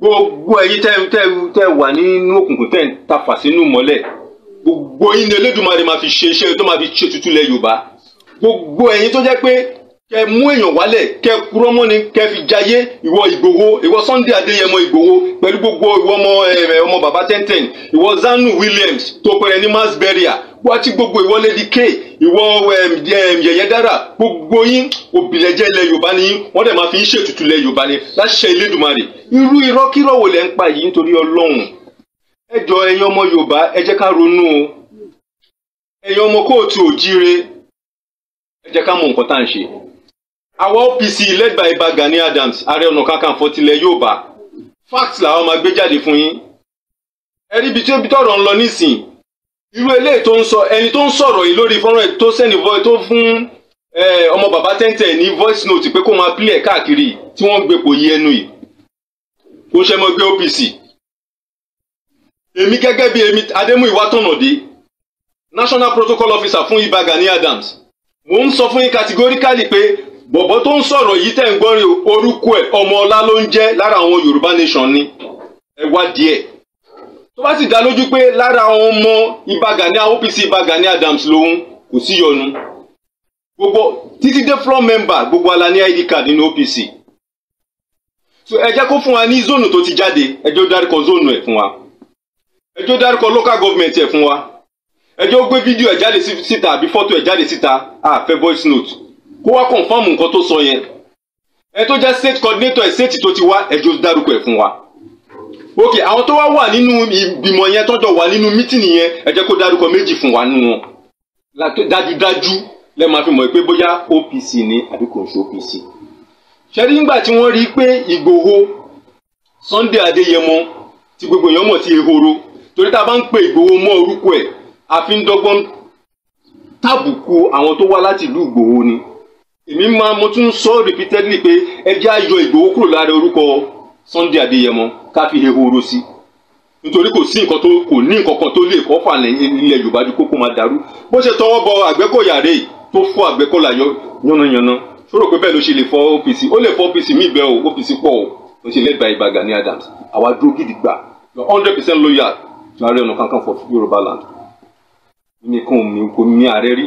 gbogbo ẹ̀yin tẹ́ tẹ́ tẹ́ wà nínú òkùnkùn tẹ́ ń tafà sínú mọ́lẹ̀ gbogbo yín ni Elédùmarè máa fi ṣe iṣẹ́ tó máa fi ṣe tutù lẹ̀ Yorùbá gbogbo ẹ̀yin tó jẹ́ pé kẹ mú èèyàn wálẹ̀ kẹ kúrọ́ mọ́ni kẹ fi jayé ìwọ ìgbòho ìwọ Sunday Adéyẹmọ ìgbòho pẹ̀lú gbogbo ìwọ ọmọ ẹ eh, ọmọ baba tẹ́ntẹ́n ìwọ Zanu Williams tó pẹ̀rẹ̀ ní mass burial wá tí gbogbo ìwọ Lady K ìwọ Yẹ̀yẹ́ Dára gbogbo yín òbílẹ̀jẹ́ ilẹ̀ Yorùbá ni yín wọ́n dẹ̀ máa fi ń ṣètùtù ilẹ̀ Yorùbá ni láṣẹ Elédùmarè irú irọ́kírọ́ wo lẹ́ ń pa yìí nítorí Ọlọ́run ẹ jọ ẹ̀yin ọmọ Yorùbá ẹ jẹ́ ká ronú o ẹ̀yin ọmọ kóòtù òjíire ẹ jẹ́ ká mọ nǹkan tá à ń ṣe àwa OPC led by Ìbà Gani Adams ààrẹ ọ̀nà kakanfò tilẹ̀ Yorùbá facts làwọn máa gbé jáde fún yín ẹ̀rí ibi tí ó bí tọ̀rọ̀ ń lọ nísìn irú eléyìí tó ń sọ ẹni tó ń sọ̀rọ̀ yìí lórí fọ́nrán tó sẹ́ni voice tó fún ọmọ bàbá tẹ́ntẹ́ ní voice note pé kó máa play ẹ̀ káàkiri tí wọ́n ń gbèpò yí ẹnu yìí kó ṣe mọ́ gbé OPC èmi gẹ́gẹ́ bí èmi Adémúyìwá Tọ̀nàdé national protocol officer fún Ìbà Gani Adams mò ń sọ fún yín categorically pé bọ̀bọ̀ tó ń sọ̀rọ̀ yìí tẹ̀ ń gbọ́rin orúkọ ẹ̀ ọmọ ọlá ló ń jẹ́ lára àwọn Yorùbá nation ni ẹ wá díẹ̀ tó bá sì dá lójú pé lára àwọn ọmọ Ìbà Gani OPC Ìbà Gani Adams lòun kò sí yọnu gbogbo títí dé floor member gbogbo ala ní id card nínú OPC so ẹ jẹ́ kó fún wa ní zónù tó ti jáde ẹ jẹ́ ó dárúkọ zónù ẹ̀ fún wa ẹ jẹ́ ó dárúkọ local government ẹ̀ fún wa ẹ jẹ́ ó gbé fídíò ẹ̀ jáde síta àbí fọ́tò ẹ̀ jáde síta àfẹ́ ah, voice note kó wá kọ̀ǹfàmù nǹkan tó sọ yẹn ẹ tó jẹ́ state coordinator ẹ̀ state tó ti wá ẹjọ́ dárúkọ ẹ̀ fún wa ok àwọn tó wá wà nínú ìgbìmọ̀ yẹn tọ́jọ́ wà nínú mítìnì yẹn ẹ jẹ́ kó dárúkọ méjì fún wa nínú wọn dájúdájú lẹ máa fi mọ̀ pé bóyá OPC ni àbí kò ń ṣe OPC ṣẹ́rí nígbà tí wọ́n rí i pé Ìgbòho Sunday Adéyẹmọ tí gbogbo èèyàn mọ̀ sí ehoro torí tá a bá ń pe Ìgbòho mọ́ orúkọ ẹ̀ àfi ń dọ́gbọ́n tàbùkù àwọn tó wá láti ìlú Ìgbòho ni èmi máa mo tún sọ repeatedly pé ẹ jẹ́ àyọ Ìgbòho kúrò lára orúkọ Sunday Adéyẹmọ ká fi ehoro sí nítorí kò sí nǹkan tó kò ní nǹkan kan tó lè kọ́ fà nílẹ̀ Yorùbá ju kókó máa dàrú bó ṣe tọwọ́ bọ Àgbẹ̀kọ̀yà rè tó fọ́ Àgbẹ̀kọ̀yà yánnayànna ṣó rò pé bẹ́ẹ̀ ló ṣe lè fọ́ OPC ó lè fọ́ OPC míì bẹ́ẹ̀ o OPC pọ̀ o ló ṣe led by Ìbà Adams àwa dúró gidi gbà hundred percent loyal to Ààrẹ Ọ̀nà Kakanfò for Yorùbá land mímí kan mi kò mí ààrẹ rí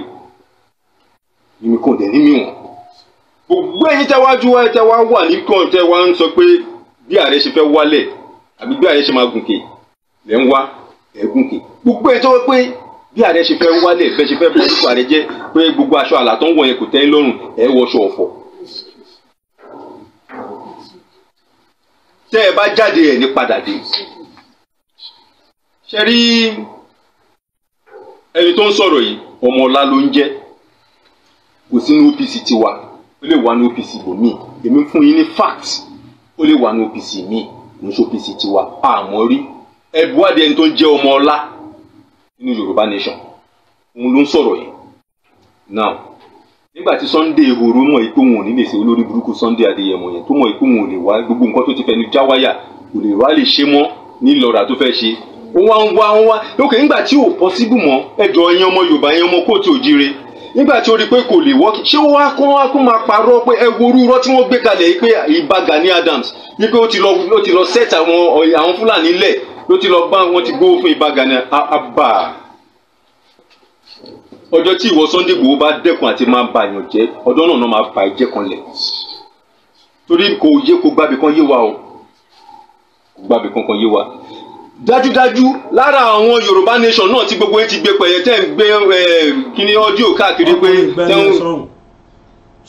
mímí kan dẹ̀ ní mi wọ̀n gbogbo ẹ̀yin tẹ́ wá ju wa tẹ́ wá wà ní kàn tẹ́ wá ń sọ pé bí ààrẹ ṣe fẹ́ wálẹ̀ àbí bí ààrẹ ṣe máa gùnkè lẹ́ ń wá ẹ̀ gùnkè gbogbo ẹ̀ tọ́wọ́ pé bí ààrẹ ṣe fẹ́ wálẹ̀ bẹ́ẹ̀ ṣe fẹ́ bọ́ nípa ààrẹ jẹ́ pé gbogbo aṣọ àlà tó ń wọ̀ yẹn kò tẹ́yìn lọ́rùn ẹ̀ wọṣọ ọ̀fọ̀. tẹ́ ẹ bá jáde ẹ̀ ní padà dé ṣe rí ẹni tó ń sọ̀rọ̀ yìí ọmọ ọlá ló ń jẹ́ kò sínú OPC tiwa ó lè wà ní OPC bòmí èmi fún yín ní fact ó lè wà ní OPC mi kò ń ṣe OPC tiwa àmọ́ rí ẹ̀bù wádìí ẹni tó ń jẹ́ ọmọ ọlá nínú Yorùbá nation òun ló ń sọ̀rọ̀ yìí now nígbà tí Sunday Ìgbòho mọ̀ pé òun ò ní lè ṣe olórí burúkú Sunday Adéyẹmọ yẹn tó mọ̀ pé òun ò lè wá gbogbo nǹkan tó ti fẹnu já wáyà kò lè wá lè ṣe mọ́ nílọ́ra tó fẹ́ ṣe ó wá ń wá ń wá lókè nígbà tí ò possible mọ́ ẹ̀dọ̀ ẹ̀yin ọmọ Yorùbá ẹ̀yin ọmọ kóòtù òjire nígbà tí o rí i pé kò lè wọ́ọ̀kì ṣé wọ́n á kún wọ́n á kún máa parọ́ pé ẹ wo orú irọ́ tí wọ́n gbé kalẹ̀ yìí pé ìbá Gani Adams ní pé ó ti lọ ó ti lọ set àwọn àwọn Fúlàní lẹ̀ ló ti lọ bá wọn ti gbówó fún ìbá Gani abà ọjọ́ tí ìwọ Sunday Igboho bá dẹ́kun àti máa bà yàn jẹ́ ọjọ́ náà náà máa bà ẹ̀jẹ̀ kan lẹ̀ torí kò yé kó gbàbí kan yé wa o kò gbàbí kankan yé wa dájúdájú lára àwọn yorùbá nation náà tí gbogbo yín ti gbé pẹ̀yẹ tẹ́ ń gbé eh, kíní ọ́díò káàkiri pé tẹ́hún.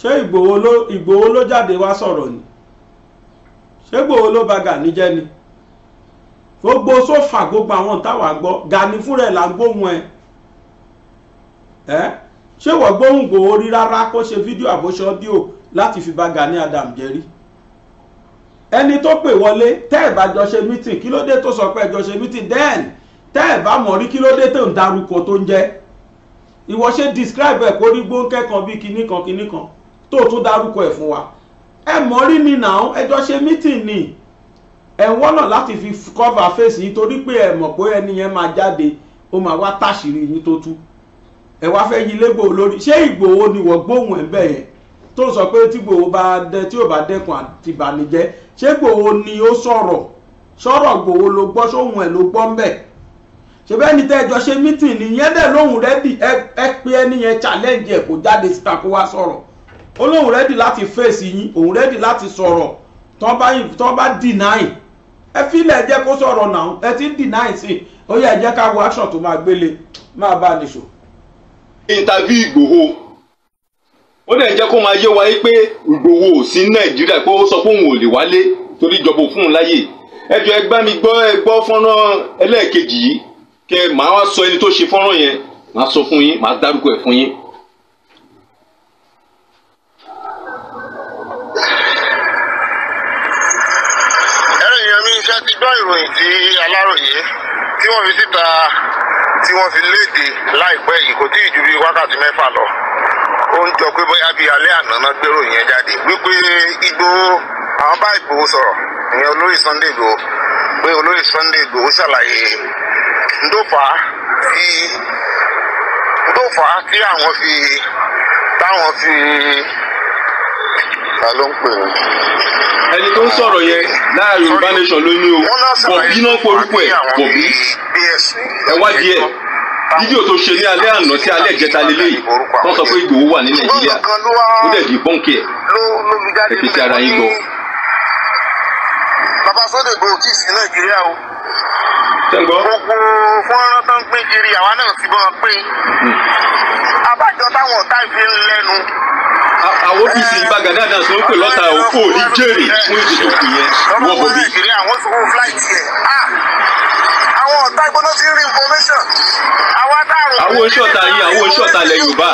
ṣé ìgbòho ló ìgbòho ló jáde wá sọ̀rọ̀ ni ṣé ìgbòho ló ba gani jẹ́ ni gbogbo sófà gbogbo àwọn táwa gbọ́ gani fúnra ẹ̀ là ń gbóhùn ẹ̀ ẹ́ ṣé wọ́n gbóhùn gbòho rí rárá kó ṣe fídíò àbóṣọ́ ọ́díò láti fi ba gani adam Jerry ẹni tó pè wọlé tẹ́ ẹ̀ bá jọ ṣe mítìn kí ló dé tó sọ pé ẹ jọ ṣe mítìn then tẹ́ ẹ̀ bá mọ̀ rí kí ló dé tó ń darúkọ tó ń jẹ́ ìwọ ṣe describe ẹ̀ kó rí gbóńkẹ́ kan bíi kinní kan kinní kan tó tún darúkọ ẹ̀ fún wa ẹ mọ̀ rí ni now ẹ jọ ṣe mítìn ni ẹ wọ́nà láti fi cover face yìí torí pé ẹ mọ̀ pé ẹni yẹn máa jáde ó máa wá táṣìírí yín tó tú ẹ wá fẹ́ yí légbò lórí ṣé Ìgbòho ni wọ́n gbóhùn ẹ̀ bẹ́ẹ̀ yẹn tó sọ pé tí Ìgbòho bá dẹ tí ò bá dẹ́kun àti ìbànújẹ́ ṣé Ìgbòho ni ó sọ̀rọ̀ sọ̀rọ̀ Ìgbòho ló gbọ́ sóhun ẹ̀ ló gbọ́ ń ṣe bẹ́ẹ̀ ni tẹ́jọ́ ṣe mítìn nìyẹn dẹ̀ lóhùn rẹ́dì ẹ pé ẹni challenge ẹ̀ kó jáde síta kó wá sọ̀rọ̀ ó lóhùn rẹ́dì láti fèsì yín òun rẹ́dì láti sọ̀rọ̀ tán bá deny ẹ fílẹ̀ jẹ́ kó sọ̀rọ̀ náà ẹ ti ń deny sí ó yẹ ẹ jẹ́ ká wo action tó máa gbélé máa bá a nìṣó. interview Ìgbòho ó dẹ̀ jẹ́ kó máa yé wa yí pé Ìgbòho ò sí Nàìjíríà pé ó sọ pé òun ò lè wálé torí ìjọba fún un láyè ẹ jọ̀ọ́ ẹ gbà mí gbọ́ ẹ gbọ́ fọ́nrán ẹlẹ́ẹ̀kejì yìí kẹ màá wá sọ ẹni tó ṣe fọ́nrán yẹn màá sọ fún yín màá dárúkọ ẹ̀ fún yín. iṣẹ́ ti gbọ́ ìròyìn tí aláròye tí wọ́n fi síta tí wọ́n fi léde láìpẹ́ yìí kò tí ì ju bí wákàtí mẹ́fà lọ ó ń jọ pé bóyá bíi alẹ́ àná náà gbèrò yẹn jáde wípé Ìgbòho àwọn bá Ìgbòho sọ̀rọ̀ ìyẹn olóyè Sunday Ìgbòho pé olóyè Sunday Ìgbòho ṣàlàyé ndófà tí ndófà tí àwọn fi táwọn fi ta ló ń pè é. ẹni tó ń sọ̀rọ̀ yẹn láàrin Yorùbá nation ló ní o bọ̀bí náà porúkọ ẹ̀ bọ̀bí ẹ̀ wá díẹ̀ fídíò tó ṣe ní alẹ́ àná sí alẹ́ ìjẹta lélẹ́yìí wọ́n sọ pé Ìgbòho wà ní Nàìjíríà ó dẹ̀ di bọ́ǹkì ẹ̀ ẹ̀ fi ti ara yín gbọ́. bàbá Sunday Igboho kì í sí Nàìjíríà o gbogbo fọ́nrán tó ń pín kiri àwa náà ti bọ́ pé abájọ táwọn ọ̀tá ìfi ń lẹ́nu. àwọn ọ́fíìsì ìbàgàdà náà sọ pé lọ́tà òkú ò ní jèrè fún ètò tó kù yẹn wọ́n bọ̀ bí. lọ́wọ́ nàìjíríà wọ́n ti kó fúláìtì ẹ̀ àwọn ọ̀tá gbọ́dọ̀ ti ń rí information àwa táàrùn. àwọn oṣù ọ̀tá yìí àwọn oṣù ọ̀tá lẹ Yorùbá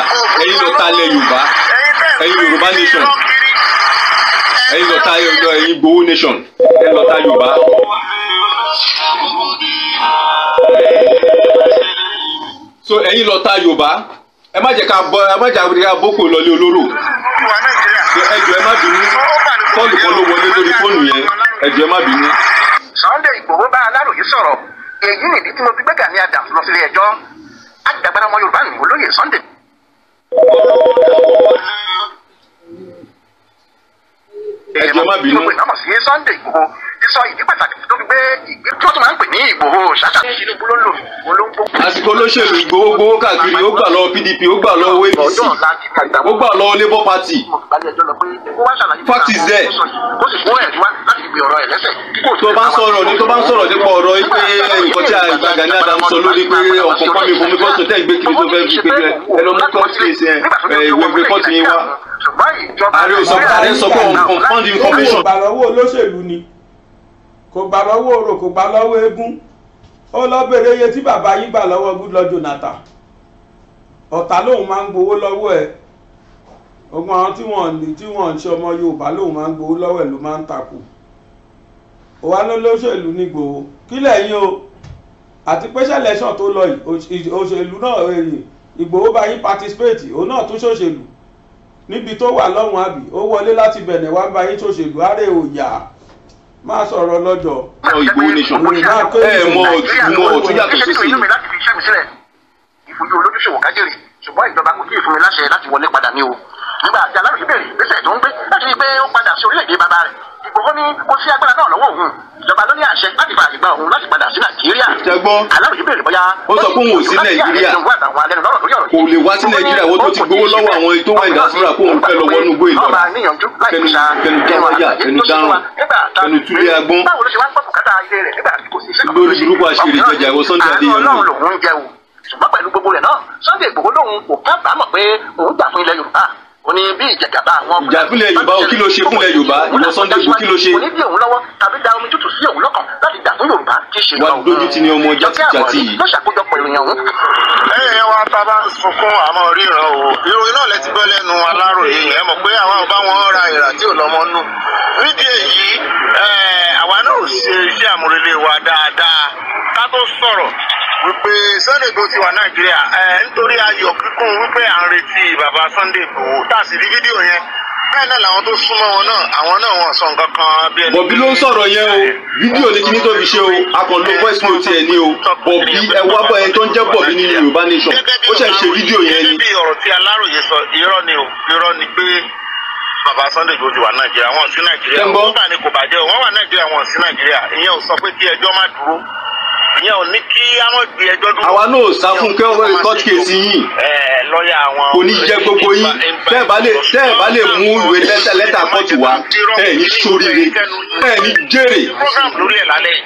ẹ̀yin lọ́tà lẹ Yorùbá ẹ̀yin Yorùbá nation ẹ̀yin lọ́tà Yorùbá ẹ̀yin gbowó nation ẹ̀yin lọ́tà Yorùbá. so ẹ̀yin lọ́tà Yorùbá ẹ má jẹ́ ká bọ́ ẹ má jẹ́ ká boko lọlé olóró ẹ jọ̀ọ́ ẹ má bínú kọ́ọ̀lù kan ló wọlé lórí fóònù yẹn ẹ jọ̀ọ́ ẹ má bínú. Sunday Igboho bá Aláròyé sọ̀rọ̀ èyí nìdí tí mo fi gbé Gani Adams lọ sílé ẹjọ́ àgbàgbára ọmọ Yorùbá nìyí olóyè Sunday. ẹjọ́ má bínú. ìyẹn mo sì ń Sunday Igboho sísọ ìdí pàtàkì tó fi gbé ìgbé tó tún máa ń pè ní Ìgbòho ṣáṣà àsìkò olóṣèlú Ìgbòho gbowó káàkiri ó gbà lọ PDP ó gbà lọ APC ó gbà lọ Labour Party. fact is there. tó bá ń sọ̀rọ̀ ní tó bá ń sọ̀rọ̀ nípa ọ̀rọ̀ pé nǹkan tí àgbàgbà ní àdá sọ lórí pé ọ̀pọ̀ pọ́nmi bomi kọ́sọ̀ tẹ́ gbé kiri tó fẹ́ fi pé ẹ lọ mú kọ́ọ̀tì ìwé kọ́ọ̀tì yín wá. ààrẹ òsọ̀kọ̀ kò gbà lọ́wọ́ orò kò gbà lọ́wọ́ eégún ó lọ bèrè iye tí bàbá yìí gbà lọ́wọ́ Goodluck Jonathan ọ̀tá lòun máa ń gbowó lọ́wọ́ ẹ̀ ogun àwọn tí wọ́n ní tí wọ́n ń ṣe ọmọ Yorùbá lòun máa ń gbowó lọ́wọ́ ẹ̀ ló máa ń takò òwa lólóṣèlú ní gbòó kí lẹ́yìn o àti pé sẹ́lẹ̀ṣàn tó lọ òṣèlú náà èyìn eh, Ìgbòho bá yín patisipéètì òun náà tún ṣòṣèlú níbi tó wà lọ́hùn àbí ó wọlé láti Bẹ̀nẹ̀ wá bá yín ṣòṣèlú àárẹ̀ òyà máa sọ̀rọ̀ lọ́jọ́. Ìgbòho nation ẹ mọ mọ ọtún yàtọ̀ sí sí. ìfojú olójúṣòwò kájèrè ṣùgbọ́n ìjọba kò tíì fún mi láṣẹ láti wọlé padà ní o nígbà tí aláròyé bèrè ìgbésẹ̀ tó ń gbé láti rí i pé ó padà sí orílẹ̀-èdè bàbá rẹ̀ ó ní kó sí agbára náà lọ́wọ́ òun ìjọba ló ní àṣẹ láti fààyè gba òun láti padà sí nàìjíríà. ṣẹgbọ́ aláròyé béèrè bóyá ó sọ pé òun ò sí nàìjíríà kò lè wá sí nàìjíríà wọ́n tó ti gbowó lọ́wọ́ àwọn tó wà ìdásíra kó òun fẹ́ lọ wọnú gbó ìlọra kẹnu kẹnu dáwáyà kẹnu dáràn kẹnu túlé agbọ́n lórí burúkú àṣírí jẹjà ìwọ Sunday Adéyẹmọ ṣùgbọ́n pẹ̀lú gbogbo rẹ̀ náà òní bí ìjàgàba àwọn. ìjàkúlẹ̀ yorùbá o kí ló ṣe fúnlẹ̀ yorùbá ìwọ Sunday Igboho kí ló ṣe. òní bí òun lọ́wọ́ tàbí da omi tútù sí òun lọ́kàn láti dà fún yorùbá tí í ṣe lọ́wọ́. wà á lójú ti ni ọmọ jàtijàti yìí. lọ́sà àkójọpọ̀ ìròyìn ọ̀hún. ẹ̀yin wa tá a sunkún àmọ́ ríran o ìròyìn náà lẹ ti gbọ́ lẹ́nu aláròye ẹ mọ̀ pé àwa ò wọn ra ìrà tí ò lọ́mọ nù wípé Sunday Igboho ti wà Nàìjíríà nítorí ayọ̀ kíkún wípé à ń retí bàbá Sunday Igboho tá a sì fídíò yẹn bẹ́ẹ̀ náà làwọn tó súnmọ́ wọn náà àwọn náà wọ́n sọ nǹkan kan bí ẹni. bọ̀bí ló ń sọ̀rọ̀ yẹn o fídíò ní kíní tó fi ṣe o akọ̀lò voice note ẹ̀ ní o bọ̀bí ẹ wá bọ̀ ẹ tó ń jẹ́ bọ̀bí ní Yorùbá nation ó ṣe ṣe fídíò yẹn ni. gẹ́gẹ́ bí ọ̀rọ̀ tí Aláròyé sọ irọ́ ni o irọ́ ni pé bàbá Sunday Igboho ti wà Nàìjíríà wọn sí Nàìjíríà wọn kà ní kò bàjẹ́ wọn wà Nàìjíríà wọn sí Nàìjíríà ìyẹn ò sọ pé kí ẹjọ́ má dúró ìyẹn ò ní kí àwọn gbé ẹjọ́ dúró. àwa náà sá fún kẹ́ ọ̀rọ̀ court case yìí. lọ́ọ̀yà àwọn. kò ní jẹ gbogbo yín tẹ́ ẹ̀ bá lè tẹ́ ẹ̀ bá lè mú ìwé lẹ́tà lẹ́tà kóòtù wa ẹ̀ ní ṣoríire ẹ̀ ní jèrè. program lórí ẹ̀ lálẹ́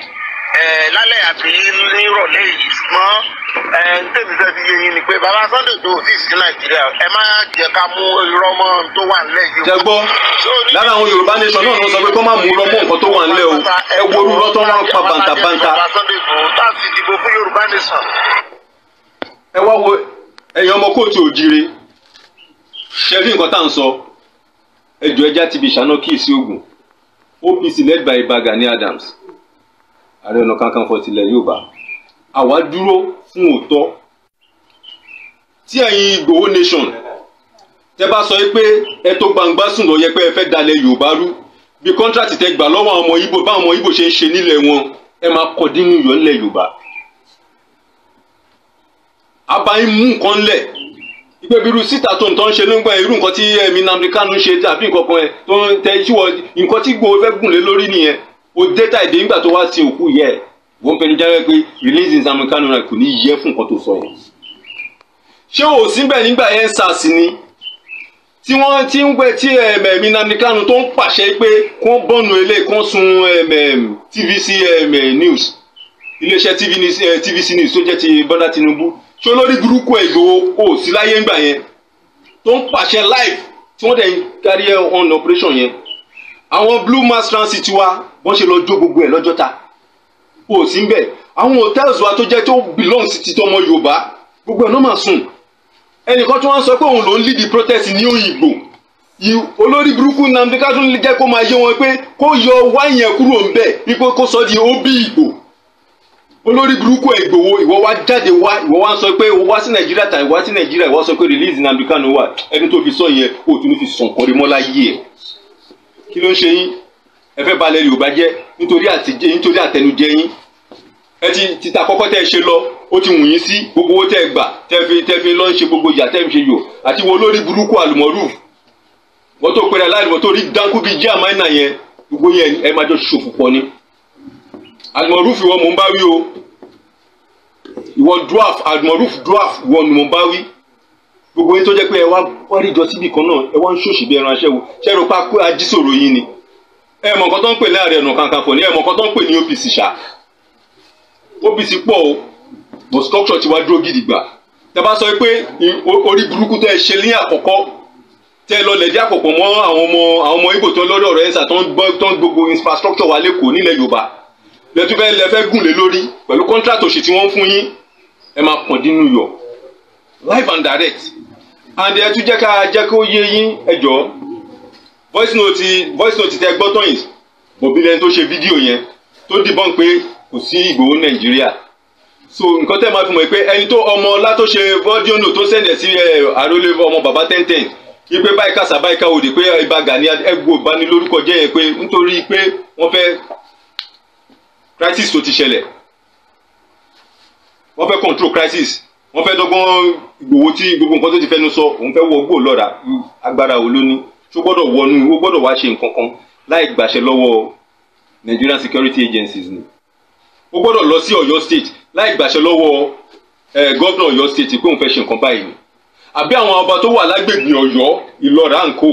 lálẹ́ àbí nírọ̀lẹ́ yìí ṣùgbọ́n tèmi fẹ́ fi yé yín ni pé baba Sunday tó sì sí nàìjíríà ẹ má jẹ́ ká mú irọ́ mọ́ tó wà nílẹ̀ yìí. jẹ gbọ́ lára àwọn yorùbá nation náà ló sọ pé kó má mú irọ́ mọ́ nǹkan tó wà nílẹ̀ o ẹ wo irú irọ́ tó máa ń pa bàǹtàbàǹtà. baba Sunday tó tá a sì dìbò fún yorùbá nation. ẹ wá wo ẹ̀yin ọmọ kóòtù òjire ṣe rí nǹkan tá à ń sọ ẹjọ́ ẹja ti fi ṣáná kíyèsí ogun OPC led by Ìbà Gani Adams Ààrẹ Ọ̀nà Kakanfò tilẹ̀ Yorùbá àwa dúró fún òótọ́ tí ẹ̀yin Ìgbòho nation tẹ bá sọ pé ẹ tó gbangba sùn lọ yẹ pé ẹ fẹ́ dalẹ̀ Yorùbá rú bí kọ́ńtrátì tẹ gbà lọ́wọ́ àwọn ọmọ Ìgbò báwọn ọmọ Ìgbò ṣe ń ṣe nílẹ̀ wọn ẹ máa kọ́ dínú yọ̀ ńlẹ̀ Yorùbá abayin mú nǹkan lẹ̀ ìgbé bírú síta tó nǹkan ṣe ló ń gbọ́ irú nǹkan tí ẹ̀mí eh, Nnamdi Kanu ṣe tàbí nǹkan kan ẹ̀ tó ń tẹ ìṣíwọ̀ nǹkan tí Ìgbòho fẹ́ gùn lé lórí nìyẹn o dé tàìdé nígbà tó wá sí òkú yẹ wọ́n pẹ̀lú jẹ́ pé release in samuel kanu náà kò ní yẹ fún nǹkan tó sọ yẹn. ṣé o síbẹ̀ nígbà yẹn sars ni tí wọ́n ti ń gbẹ tí ẹ̀mí Nnamdi Kanu tó ń pàṣẹ pé kó bọ́nu ilé kó sun TVC news iléeṣẹ́ TVC eh, news tó jẹ́ ti Bọ́lá Tinubu ṣé olórí burúkú ẹ̀ Ìgbòho kò sí láyé ńgbà yẹn tó ń pàṣẹ live tí wọ́n dẹ̀ ń carry on operation yẹn àwọn blue mass transit wa wọ́n ṣe lọ jó gbogbo ẹ̀ lọ́jọ́ o ò sí ń bẹ̀ àwọn hotels wa tó jẹ́ tó belong sí ti tọmọ Yorùbá gbogbo ẹ̀ náà máa sùn ẹnìkan tí wọ́n sọ pé òun ló ń lead the protest ní òyìnbó olórí burúkú Nnamdi Kanu jẹ́ kó máa yé wọn pé kó yọ wáyẹn kúrò ń bẹ̀ wípé kó sọ di obi Ìgbò olórí burúkú ẹ̀ Ìgbòho ìwọ wá jáde wá ìwọ wá sọ pé o wá sí Nàìjíríà tàbí wá sí Nàìjíríà ìwọ sọ pé release Nnamdi Kanu wà ẹni tó fi sọ yẹn o tún fi sàn kọrin mọ́ láyé ẹ̀ kí ló ń ṣe yín ẹ fẹ́ balẹ̀ Yorùbá jẹ́ nítorí àtẹnujẹ yín ẹ ti títà kọ́kọ́ tẹ́ ẹ ṣe lọ ó ti wù yín sí gbogbo owó tẹ́ ẹ gbà tẹ́ fi tẹ́ fi lọ́ ń ṣe gbogbo ìyà tẹ́ ẹ fi ṣe yò àti wo olórí burúkú àlùmọ́rù wọ́n tó pẹ́rẹ́ aláàdì wọ́n tó rí dánkù bíi jẹ́ àmáìnà yẹn gbogbo yẹn ẹ máa jọ ṣòfò pọ̀ ni àlùmọ́rù fi wọ́n mò ń bá wí o ìwọ dwarf àlùmọ́rù dwarf wọ́n ni mò ń bá wí gbogbo yín tó jẹ́ pé ẹ wá wárí síbì kan náà ẹ wá ń ṣòṣì OBC pọ̀ o but structure ti wá dúró gidigba tẹ́ bá sọ pé orí burúkú tẹ́ ẹ ṣe ní àkọ́kọ́ tẹ́ ẹ lọlẹ̀ dí àpòpọ̀ mọ́ àwọn ọmọ àwọn ọmọ Ìgbò tó lọ́dọ̀ rẹ̀ ẹ̀sà tó ń gbogbo infrastructure wa lẹ́kọ̀ọ́ nílẹ̀ Yorùbá lẹ́tú fẹ́ lẹ́fẹ́ gùn lé lórí pẹ̀lú contract òṣì tí wọ́n fún yín ẹ máa pọ̀ dín New live and direct and ẹ tún jẹ́ ká jẹ́ kó yé yín ẹ jọ voice note voice note tẹ́ gbọ́ tán yìí bòbí lẹ́ni tó ṣe fídíò yẹn tó dìbọn pé kò sí Ìgbòho Nàìjíríà so nǹkan tẹ́ máa fi mọ̀ pé ẹni tó ọmọ ọlá tó ṣe fọ́díọ̀nù tó sẹ̀dẹ̀ sí àrólé ọmọ bàbá tẹ́ntẹ́n ipe báyìí kàṣà báyìí káwò dé pé ibà Gani ẹgbò ìbanilórúkọ jẹ́ yẹn pé nítorí pé wọ́n fẹ́ crisis tó ti ṣẹlẹ̀ wọ́n fẹ́ control crisis wọ́n fẹ́ dọ́gbọ́n Ìgbòho tí gbogbo nǹkan tó ti fẹ́nu sọ òun fẹ́ wọ gbò lọ́ra agbára wo ló ní tó gbọ́dọ̀ wọnú ó gbọ́dọ̀ wá ṣe nǹkan kan láì gbàṣẹ lọ́wọ́ Nigerian security agencies ni ó gbọ́dọ̀ lọ sí ọ̀yọ́ state láì gbàṣẹ lọ́wọ́ eh, gọ́vnà ọ̀yọ́ state pé òun fẹ́ ṣe nǹkan báyìí ni àbí àwọn ọba tó wà lágbègbè ọ̀yọ́ ìlọ́ra ńkò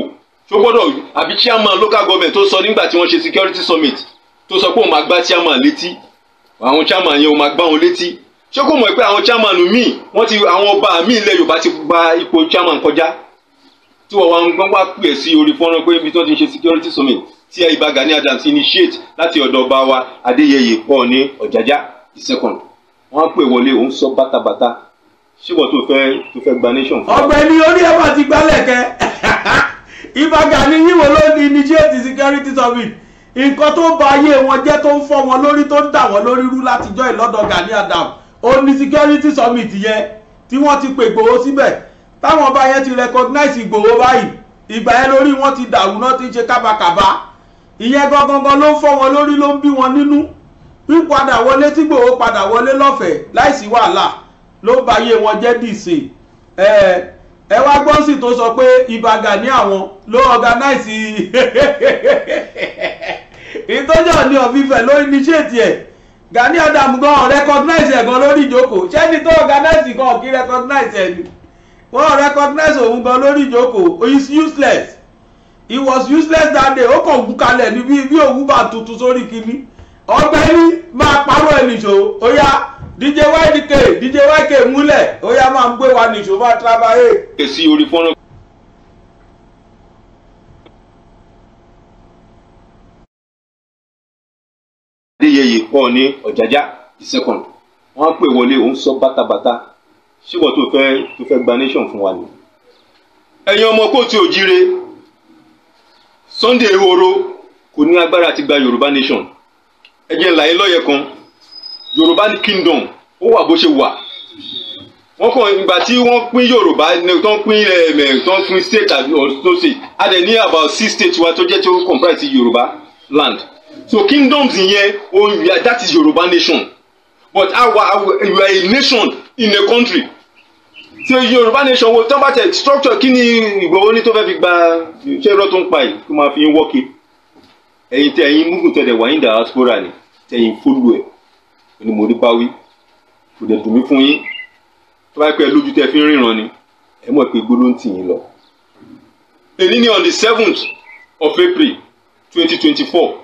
tó gbọ́dọ̀ àbí chairman local government tó sọ nígbà tí wọ́n ṣe security summit tó sọ pé òun máa gbá chairman létí àwọn chairman yẹn òun máa gbá wọn létí ṣé kò mọ̀ pé àwọn chairman míì wọ́n ti àwọn ọba míì ilẹ̀ yorùbá ti gba ipò chairman kọjá tí wọ́n wá ń gbọ́n sí orí fọ́nrán pé ibi tí wọ́n ti ń ṣe security summit tí Ìbà Gani Adams initiate láti ọ̀dọ̀ ọba wa Adéyẹyè Ọọ̀ni Ọ̀jájá the second wọ́n pè wọlé òun sọ bátabàta ṣíwọ́ tó fẹ́ tó fẹ́ gba nation. ọ̀gbẹ́ni orí ẹ̀ máa ti gbálẹ̀ kẹ́ Ìbà Gani yíwo ló ní initiate security summit nǹkan tó ba ayé wọn jẹ́ tó ń fọ́ wọn lórí tó ń dà wọ́n lórí rú látijọ́ ìlọ́dọ̀ Gani Adams ó ní security summit yẹn tí wọ́n ti pè gbòho síbẹ̀ táwọn ọba yẹn ti recognize ìgbòho báyìí ìgbà yẹn lórí wọn ti dàrú náà ti ń ṣe kábàkàbà ìyẹn gangan ló ń fọ́ wọn lórí ló ń bí wọn nínú pípadà wọlé tí Ìgbòho padà wọlé lọ́fẹ̀ẹ́ láìsí wàhálà ló ń bayé wọn jẹ́ dìse ẹ ẹ wá gbọ́nsì tó sọ pé Ìbà Gani àwọn ló ọ̀gánáìsì ìtọ́jọ́ ní ọ̀fífẹ́ ló iníṣẹ́ẹ̀tì ẹ̀ Gani Adam gan recognize ẹ̀ gan lórí ìjókòó ṣẹ́ni tó ọ̀gánáìsì gan kì í ẹ̀ ni wọ́n recognize òun gan lórí ìjókòó is useless he was useless that day ó kàn gún kalẹ̀ ní bí tuntun sórí kínní ọ̀gbẹ́ni máa parọ́ ẹ̀ nìṣó dj ydk dj yk múlẹ̀ oya ma máa gbé wa nìṣó máa tábàáyé. sí orí fọ́nrán. adéyẹyẹ kọ́ the second wọ́n á pè wọlé òun gba nation fún wa ni. ẹ̀yin ọmọ ò jíire. Sunday Ehoro kò ní agbára àti gba Yorùbá nation ẹ jẹ́ ńlá yín lọ́yẹ̀ kan Yorùbá kingdom ó wà bó ṣe wà wọ́n kàn ìgbà tí wọ́n pín Yorùbá tán pín ẹ̀ẹ̀mẹ̀ tán pín state ọ̀tọ̀ọ̀sẹ̀ a dẹ̀ ní about six states wa tó jẹ́ tó comprise Yorùbá land so kingdoms yẹn o that is Yorùbá nation but our, our you are nation in a country tí yorùbá nation wo tí wọ́n bá tẹ structure kí ni Ìgbòho ní tó fẹ́ fi gba ṣé irọ́ tó ń pa yìí kó máa fi ń wọ́ọ̀kì ẹ̀yin tẹ ẹ̀yin múkù tẹ̀lé wà ní diaspora ni tẹ̀yin fólú ẹ̀ ni mo rí báwí kò dẹ̀ dùn mí fún yín tó bá pẹ́ lójú tẹ fi ń ríran ni ẹ mọ̀ pé gbóló ń tì yín lọ. èyí ni on the seventh of April twenty twenty four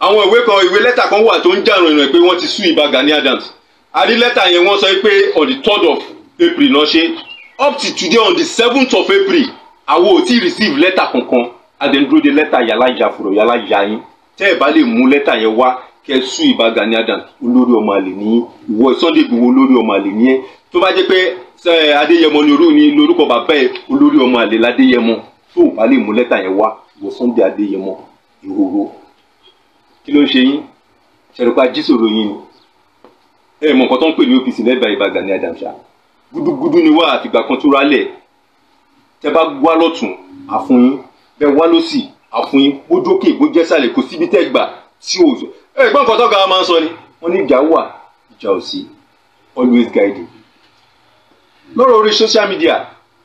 àwọn ìwé kan ìwé lẹ́tà kan wà tó ń jà rìnrìn pé wọ́n ti sú ìbá Gani Adams a rí lẹ́tà yẹn wọ́n sọ pé on the third of april náà up to today on the seventh of april àwọn ò tí ì receive lẹ́tà kankan adẹ́ndúró de lẹ́tà yàrá ìyàfòrò yàrá ìyàyín tẹ́ ẹ̀ bá lè mú lẹ́tà yẹn wá kẹsù ìbá Gani Adams olórí ọmọ àlè ní ìwọ Sunday Igboho olórí ọmọ àlè ní ẹ tó bá jẹ́ pé Adéyẹmọ ni orú ni lórúkọ bàbá ẹ olórí ọmọ àlè ládéyẹmọ tó o bá lè mú lẹ́tà yẹn wá ìwọ Sunday Adéyẹmọ ìhòòhò kí ló ń ṣe yín ṣẹ̀rùpá jísòrò yín ni ẹ mọ̀ nǹkan tó ń pè ní OPC lẹ́gbàá ìbá Gani Adams ṣáà gúdúgúdú ni wá àfìgbà kan tó rálẹ̀ tẹ́ bá wá lọ́tún àfúnyín bẹ́ wá lọ́sì àfúnyín bójókè bójẹ́sàlẹ̀ kò síbi tẹ́ gbà tí ò zọ. ẹ gbọ́n nǹkan tọ́ga máa ń sọ ni wọ́n ní ìjà wà ìjà ò sí always guiding. lọ́rọ̀ orí social media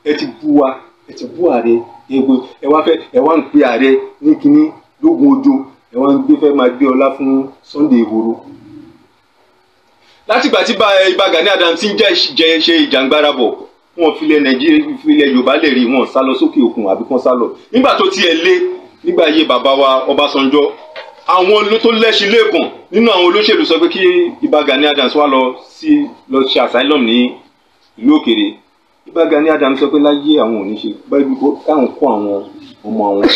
ẹ ti bú wa ẹ ti bú ààrẹ egbò ẹ wá fẹ́ ẹ wá ń pe ààrẹ ní kinní lógun ojo ẹ wá ń gbé fẹ́ máa gbé ọlá fún Sunday Ìgbòho látìgbà tí Ìbà eh, Gani Adams ti ń jẹ́ ṣe ìjàngbara bọ̀ wọn filẹ̀ Nàìjíríà filẹ̀ Yorùbá lè rí wọn sá lọ sókè òkun àbí kan sá lọ nígbà tó tiẹ̀ lé nígbà ayé bàbá wa Ọbásanjọ́ àwọn tó lẹ́sìn lẹ́ẹ̀kan nínú àwọn olóṣèlú sọ pé kí Ìbà Gani Adams wá lọ sí lọ ṣe asylum ní ìlú òkèèrè Ìbà Gani Adams sọ pé láyé àwọn ò ní ṣe báyìí káwọn kó àwọn ọmọ àwọn ọmọ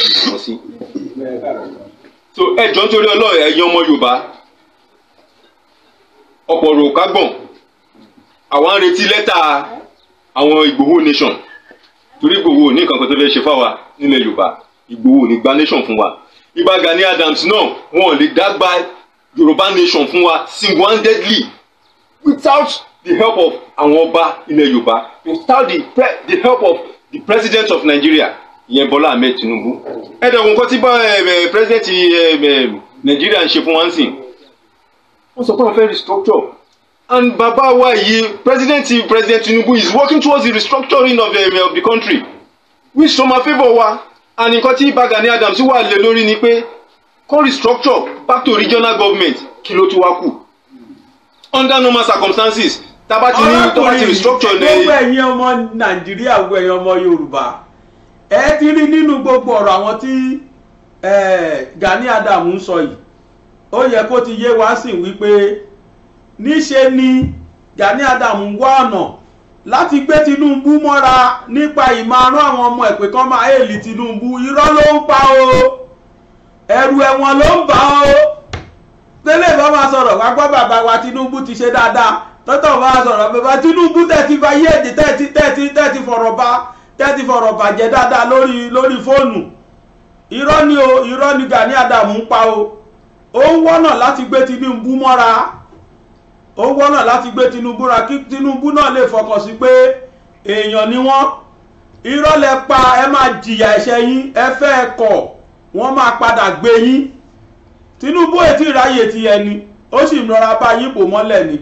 sí. so ẹjọ́ nítorí ọlọ́ọ̀ ẹ̀yin ọmọ Yorùbá ọ̀pọ̀ rò kágbọ̀n àwọn ń retí lẹ́tà àwọn Ìgbòho nation torí Ìgbòho ní nǹkan kan tó fẹ́ ṣe fáwa nílẹ̀ Yorùbá Ìgbòho ní gba nation fún wa ibà Gani Adams náà wọn ò lè dágbà Yorùbá nation fún wa single-handedly without the help of àwọn ọba ilẹ̀ Yorùbá without the, the help of the president of Nigeria ìyẹn Bọ́lá Ahmed Tinubu ẹ̀dẹ̀gùn kan tí bá eh, eh, president eh, Nigeria ń ṣe fún wa ń sìn wọ́n sọ pé wọ́n fẹ́ restructure and baba wa yìí president president Tinubu is working towards the restructuring of the, um, of the country which some are favour wa and nǹkan tí Gani Adams wà lé lórí ni pé call restructure back to regional government kí ló tún wá kù under normal circumstances tába ti ní tó bá ti restructure ní. gbogbo ẹ̀yin ọmọ nàìjíríà gbogbo ẹ̀yin ọmọ yorùbá ẹ ti rí nínú gbogbo ọ̀rọ̀ àwọn tí eh, Gani Adams ń sọ yìí ó yẹ kó ti yé wá sí wípé níṣe ni Gani adamu wá ọ̀nà láti gbé Tinubu mọ́ra nípa ìmọ̀ràn àwọn ọmọ ẹ̀ pé kán máa èèlì Tinubu irọ́ ló ń pa o ẹ̀rù ẹ̀wọ̀n ló ń bà o tẹ́lẹ̀ bá máa sọ̀rọ̀ wá gbọ́ bàbá wa Tinubu ti ṣe dáadáa tọ́tọ̀ bá sọ̀rọ̀ bàbá Tinubu tẹ̀tí bá yé èdè tẹ̀tí tẹ̀tí tẹ̀tí fọ̀rọ̀ bá tẹ̀tí fọ̀rọ̀ bàjẹ́ dáadáa lórí lórí fóònù irọ́ ni o irọ́ ni Gani adamu ń pa o ó ń wọ́nà láti gbé Tinubu mọ́ra ó ń wọ́nà láti gbé Tinubu ra kí Tinubu náà lè fọkàn sí pé èèyàn ni wọ́n irọ́ lẹ pa ẹ máa jìyà ẹ̀ṣẹ̀ yín ẹ fẹ́ kọ̀ wọ́n máa padà gbé yín Tinubu ètí ìráyè ti ẹni ó sì rọra bá yín pò mọ́lẹ̀ ni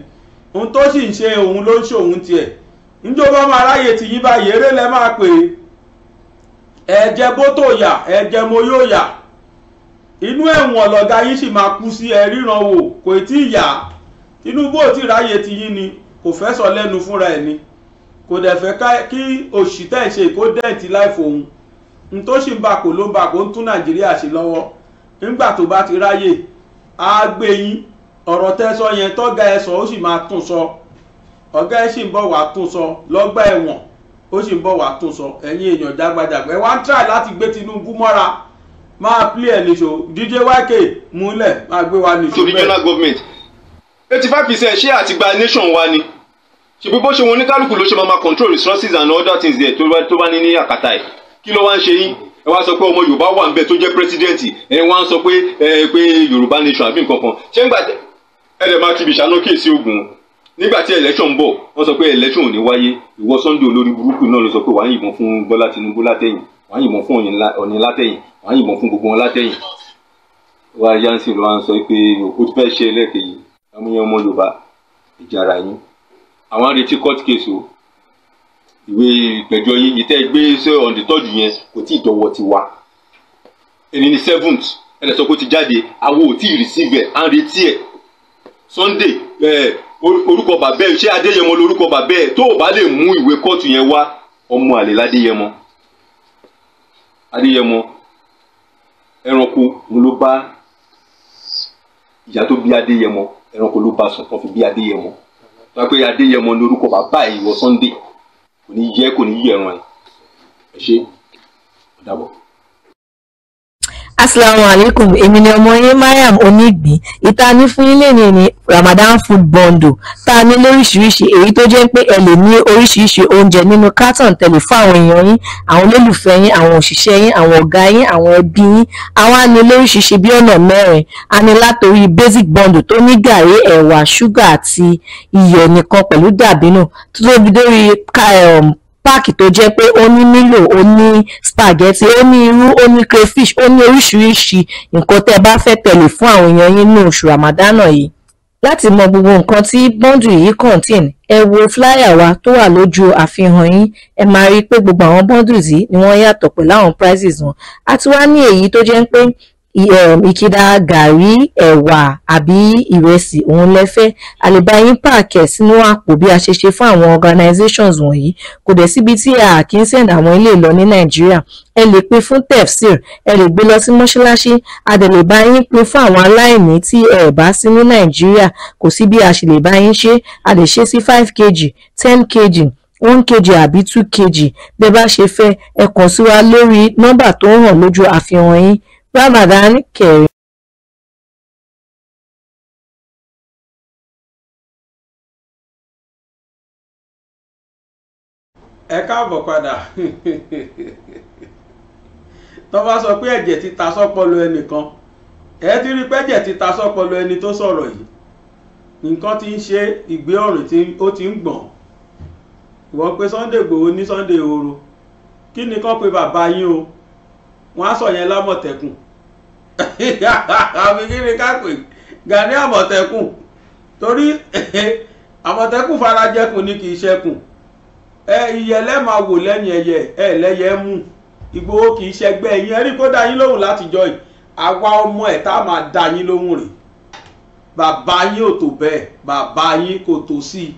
ohun tó sì ń ṣe òun ló ń ṣe òun tiẹ̀ níjọba máa ráyè tí yín bá yéré lẹ máa pè é ẹ̀jẹ̀ bó tó yà ẹ̀jẹ̀ mo yóò yà inú ẹ̀wọ̀n lọ̀gá yín sì máa kú sí ẹ ríran wò kò tí ì yá Tinubu ò tí ì ráyè ti yín ni kò fẹ́ sọ lẹ́nu fúnra ẹ̀ ni kò dẹ̀ fẹ́ kí òṣì tẹ̀ ṣe kó dẹ̀ǹtì láìfò òun n tó sì ń bà kó ló ń bà kó ń tún Nàìjíríà ṣe lọ́wọ́ nígbà tó bá ti ráyè á gbé yín ọ̀rọ̀ tẹ́ sọ yẹn tọ́gá ẹ sọ ó sì máa tún sọ ọ̀gá ẹ sì ń bọ̀ wá tún sọ lọ́gbà ẹ̀wọ̀n ó sì ń bọ̀ wá tún sọ ẹ̀yin èèyàn jágbajàgbà wá ń tíráì láti gbé Tinubu mọ́ra Ma play ẹ̀ nìṣó DJ YK múlẹ̀ máa gbé wa nìṣó bẹ́ẹ̀. regional government eighty five percent ṣé àtìgbà nation wa ni ṣùgbọ́n bó ṣe wọn oníkálukú ló ṣe máa máa control resources and other things there tó bá ní ní àkàtà ẹ̀ kí ló wá ń ṣe yín ẹ wá sọ pé ọmọ yorùbá wà níbẹ̀ tó jẹ́ president ẹ wá ń sọ pé ẹ pé yorùbá nation àbí nǹkan kan ṣé ń gbà ẹ dẹ̀ máa kíbi ìṣáná kíyèsí ogun nígbà tí election bọ̀ wọ́n sọ pé election ò ní wáyé ìwọ Sunday olórí burúkú náà ló sọ pé wàá yìnbọn fún Bọ́lá Tinubu látẹ̀yìn wàá yìnbọn fún Ọ̀ọ̀ni látẹ̀yìn wọ́n yìnbọn fún gbogbo wọn látẹ̀yìn wọ́n ajá ń sì lọ́wọ́ à ń sọ pé o ti fẹ́ ṣe ẹlẹ́ẹ̀kejì amúyẹ́ ọmọ Yorùbá ìjà ara yín àwọn àrètí court case o ìwé ìgbẹ́jọ́ yín ìtẹ́ gbé ṣe on the yẹn kò tí ì dọ̀wọ́ ti wá èmi ni seventh ẹnlẹ sọ pé ó ti jáde àwọn ò tí ì receive à ń retí ẹ Sunday orúkọ bàbá ẹ ṣé Adéyẹmọ lórúkọ bàbá ẹ tó o bá lè mú ìwé kóòtù yẹn wá ọmọ àlè ládéyẹmọ Adéyẹmọ ẹranko òun ló bá ìyá tó bí adéyẹmọ ẹranko ló bá sùn wọn fi bí adéyẹmọ wọn pe adéyẹmọ ní orúkọ bàbá ìwọ Sunday kò ní yẹ kò ní yẹ ẹran ẹ ẹ ṣe ó dàbọ̀ asalaamu alaikum èmi ni ọmọ yín mariam onígbì ìtaní fún yín lè ní ramadan food bundle tá a ní lóríṣiríṣi èyí tó jẹ́ pé ẹ lè ní oríṣiríṣi oúnjẹ nínú carton tẹ̀lé fún àwọn èèyàn yín àwọn olólùfẹ́ yín àwọn òṣìṣẹ́ yín àwọn ọ̀gá yín àwọn ẹbí yín àwa ní lóríṣiríṣi bí ọ̀nà mẹ́rin a ní látòrí basic bundle tó ní gàrí ẹ̀wà ṣúgà àti iyọ̀ nìkan pẹ̀lú dàbínù tó tóbi dórí um, páàkì tó jẹ́ pé ó ní mílò ó ní spaghetti ó ní irú ó ní crayfish ó ní oríṣiríṣi nǹkan tẹ́ bá fẹ́ tẹ̀lé fún àwọn èèyàn yín ní oṣù ramadana yìí láti mọ gbogbo nǹkan tí bọ́ndù yìí contain ẹ wo flyer wa tó wà lójú àfihàn yín ẹ máa rí i pé gbogbo àwọn bundles yìí ni wọ́n yàtọ̀ pẹ̀lú àwọn prices wọn a ti wá ní èyí tó jẹ́ pé Um, ìkìdá gàrí ẹ̀wà àbí ìrẹsì òun lẹ́fẹ́ a lè bá yín pààkẹ́ sínú àpò bí a ṣe ṣe fún àwọn organizations wọ̀nyí kò dẹ̀ síbi tí a kì í send àwọn ilé lọ ní nàìjíríà ẹ lè pín fún tefsir ẹ lè gbé lọ sí mọ́ṣáláṣí a dẹ̀ fún àwọn aláìní tí ẹ bá sí ní nàìjíríà kò sí bí a ṣe lè bá ṣe a lè ṣe sí five kg ten kg one kg àbí two kg bẹ́ẹ̀ bá ṣe fẹ́ ẹ kàn sí wa lórí nọ́mbà tó hàn lójú àfihàn yín Ramadan Kareem ẹ káàbọ̀ padà tó bá sọ pé ẹ̀jẹ̀ ti ta sọ́pọlọ ẹnìkan ẹ ti rí pẹ́jẹ̀ ti ta sọ́pọlọ ẹni tó sọ̀rọ̀ yìí nǹkan ti ń ṣe ìgbé ọ̀rìn ó ti ń gbọ̀n wọ́n pe Sunday Igboho ní Sunday Igboho kí ni kán pe bàbá yín o wọ́n á sọ yẹn lámọ̀tẹ́kùn àfi kí ni ká pè Gani àmọ̀tẹ́kùn torí àmọ̀tẹ́kùn farajẹkùn ni kì í ṣẹkùn ẹ ìyẹlẹ́ máa wò lẹ́yìn ẹyẹ ẹ lẹ́yẹ mú Ìgbòho kì í ṣẹgbẹ́ yín ẹ rí kó dá yín lóhùn látijọ́ yìí àwa ọmọ ẹ̀ tá a máa dá yín lóhùn rèé bàbá yín ò tó bẹ́ẹ̀ bàbá yín kò tó sí i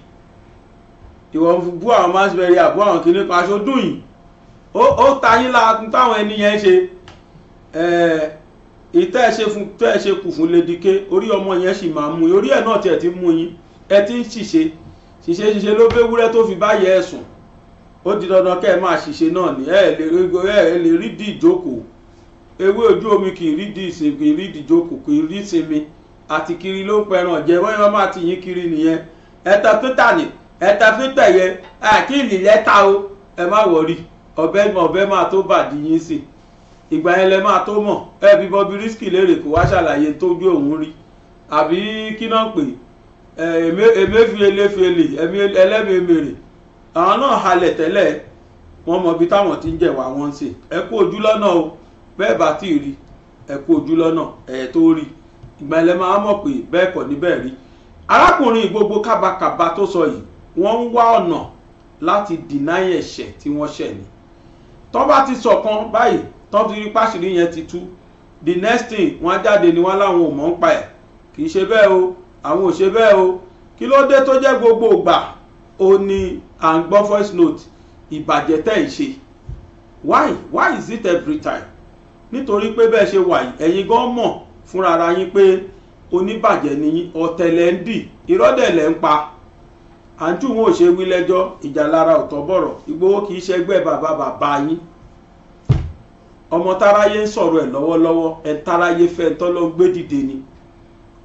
ìwọ̀n bú àwọn máa ń bẹ̀rẹ̀ àbú àwọn kìnnìkan aṣọ dùn yìí ó ta yín láàtún táwọn ẹni yẹn ṣe ìtẹ́ ẹ ṣe fún tẹ́ ẹ ṣe kù fún lédìké orí ọmọ yẹn sì máa mú orí ẹ̀ náà tiẹ̀ ti mú yín ẹ ti ń ṣìṣe ṣìṣe ṣìṣe ló fẹ́ wúrẹ́ tó fi báyẹ̀ ẹ̀ sùn ó di dandan kẹ́ ẹ máa ṣìṣe náà ní ẹ lè rí di ìjókòó ewé ojú omi kì í rí di ìsìn kì í rí di ìjókòó kì í rí sinmi àti kiri ló ń pẹran jẹ wọ́n yẹn máa ti yín kiri nìyẹn ẹ̀tàn fún tàní ẹ̀tàn fún tẹ̀yẹ àti ìlì lẹ́ta o ẹ má wọrí ọ̀bẹ ọ̀bẹ máa tó bàdí yín sí ìgbà yẹn lẹ máa tó mọ̀ ẹ bí Bobrisky léèrè kó wá ṣàlàyé tó gbé òun rí àbí kí náà pè emefielefele ẹlẹ́mẹ̀mẹ̀rẹ̀ àwọn náà halẹ̀ tẹ́lẹ̀ wọ́n mọ ibi táwọn ti ń jẹ̀wá wọn ń ṣe ẹ kú ojú lọ́nà o bẹ́ẹ̀ bá ti rí ẹ kú ojú lọ́nà ẹ̀ tó rí ìgbà yẹn lẹ máa mọ̀ pé bẹ́ẹ̀ kọ́ níbẹ̀ rí arákùnrin gbogbo kábàkàbà tó sọ yìí wọ́n ń wá ọ̀nà láti dìnáyẹ̀ṣẹ̀ tí wọ́n ṣẹ̀ ni tó bá ti ṣọ̀kan báyìí tó ti rí páṣírí yẹn ti tú the next thing wọ́n jáde ni wọ́n láwọn ò mọ̀ ń pa ẹ̀ kì í ṣe bẹ́ẹ̀ o àwọn ò ṣe bẹ́ẹ̀ o kí ló dé tó jẹ́ gbogbo ìgbà ó ní à ń gbọ́ voice note ìbàjẹ́ tẹ́ ì ṣe why why is it every time nítorí pé bẹ́ẹ̀ ṣe wà yìí ẹ̀yin gan mọ̀ fúnra ara yín pé oníbàjẹ́ ni ọ̀tẹ̀lẹ̀ ń dì irọ́dẹ̀lẹ̀ ń pa àǹtí wọn ò ṣe wí lẹ́jọ́ ìjà lára ọ̀tọ̀ bọ̀rọ̀ Ìgbòho kì í ṣẹgbẹ́ bàbá bàbá yín ọmọ táráyé ń sọ̀rọ̀ ẹ̀ lọ́wọ́lọ́wọ́ ẹ̀ táráyé fẹ́ ẹ̀ tọ́lọ́ gbé dìde ni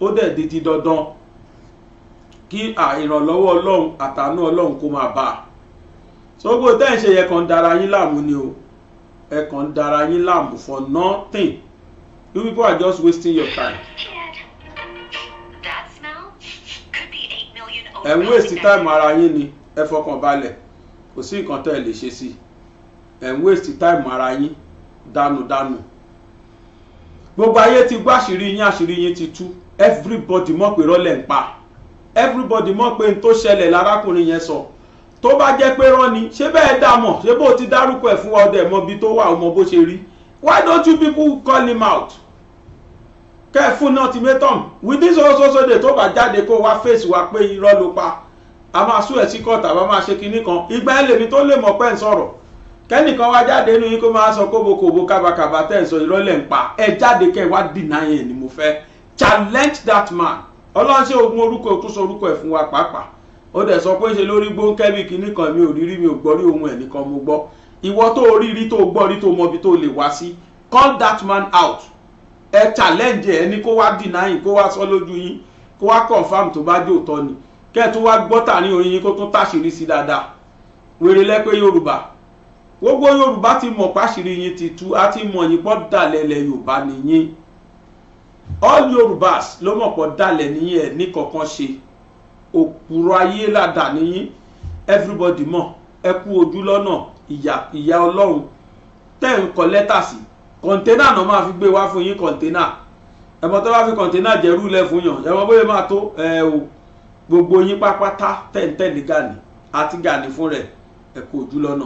ó dẹ̀ di ti dandan kí ìrànlọ́wọ́ ọlọ́run àtàánú ọlọ́run kó máa bá a sógbó tẹ́ ń ṣe yẹ kàn ń dara yín láàmú ni o ẹ kàn ń dara yín láàmú for nothing you people are just wasting your time. ẹ̀ ń wéèsì táìmù ara yín ni ẹ fọkàn balẹ̀ kò sí nǹkan tẹ́ ẹ lè ṣe sí ẹ̀ ń wéèsì táìmù ara yín dánudánù gbogbo ayé ti gbọ́ àṣírí yín àṣírí yín ti tú everybody mọ̀ pé rọ́lẹ̀ ń pa everybody mọ̀ pé n tó ṣẹlẹ̀ lárákùnrin yẹn sọ tó bá jẹ́ pé rán ni ṣé bẹ́ẹ̀ dá mọ̀ ṣé bó ti dárúkọ ẹ̀ fún ọdẹ mọ bí tó wà ọmọ bó ṣe rí why don't you people call him out kẹ́ẹ̀fún náà ultimatum with this also so tó bá jáde kó wá fèsì wá pé irọ́ ló pa a máa sú ẹ̀ sí kọ́ọ̀tà a máa ṣe kinní kan ìgbà ẹ̀ lèmi tó lè mọ̀ pẹ́ ń sọ̀rọ̀ kẹ́nìkan wá jáde inú yín kó máa sọ kóbokòbo kábàkàbà tẹ̀ ń sọ irọ́ lẹ̀ ń pa ẹ jáde kẹ́ ẹ wá deny ẹ̀ ni mo fẹ́ challenge that man ọlọ́run ṣe ogun orúkọ òtún sọ orúkọ ẹ̀ fún wa pàápàá ó dẹ̀ sọ pé ń ṣe lórí gbóńkẹ́bì kinní kan mi ò rí rí mi ò gbọ́ ohun ẹ̀ nìkan mo gbọ́ ìwọ tó rí rí tó gbọ́ rí tó mọbi tó lè wá sí call that man out ẹ challenge ẹ ní kó wá deny kó wá sọ lójú yín kó wá confam tó bá jò tọ́ ni kẹ́ ẹ tún wá gbọ́ tàní orin yín kó tún táṣìírí sí dáadáa wèrè lẹ́pẹ́ yorùbá gbogbo yorùbá ti mọ̀ páṣírí yín ti tú a ti mọ̀ yín pọ́ dalẹ̀lẹ̀ yorùbá nìyín all yorùbás ló mọ̀ pọ́ dalẹ̀ nìyín ẹ̀ ní kankan ṣe òpùrọ̀ ayé ládà nìyín everybody mọ̀ ẹ kú ojú lọ́nà ìyá ìyá ọlọ́run tẹ́ ń kọ lẹ́tà sí kọ̀ǹténà náà máa fi gbé wá fún yín kọ̀ǹténà ẹ̀mọ́ tó bá fi kọ̀ǹténà jẹ̀rú lẹ̀ fún yàn ẹ̀mọ́ bóyá máa tó ẹ̀ o gbogbo yín pápátá tẹ̀ǹtẹ̀lì gàní àti gàní fún rẹ̀ ẹ̀ kò jù lọ́nà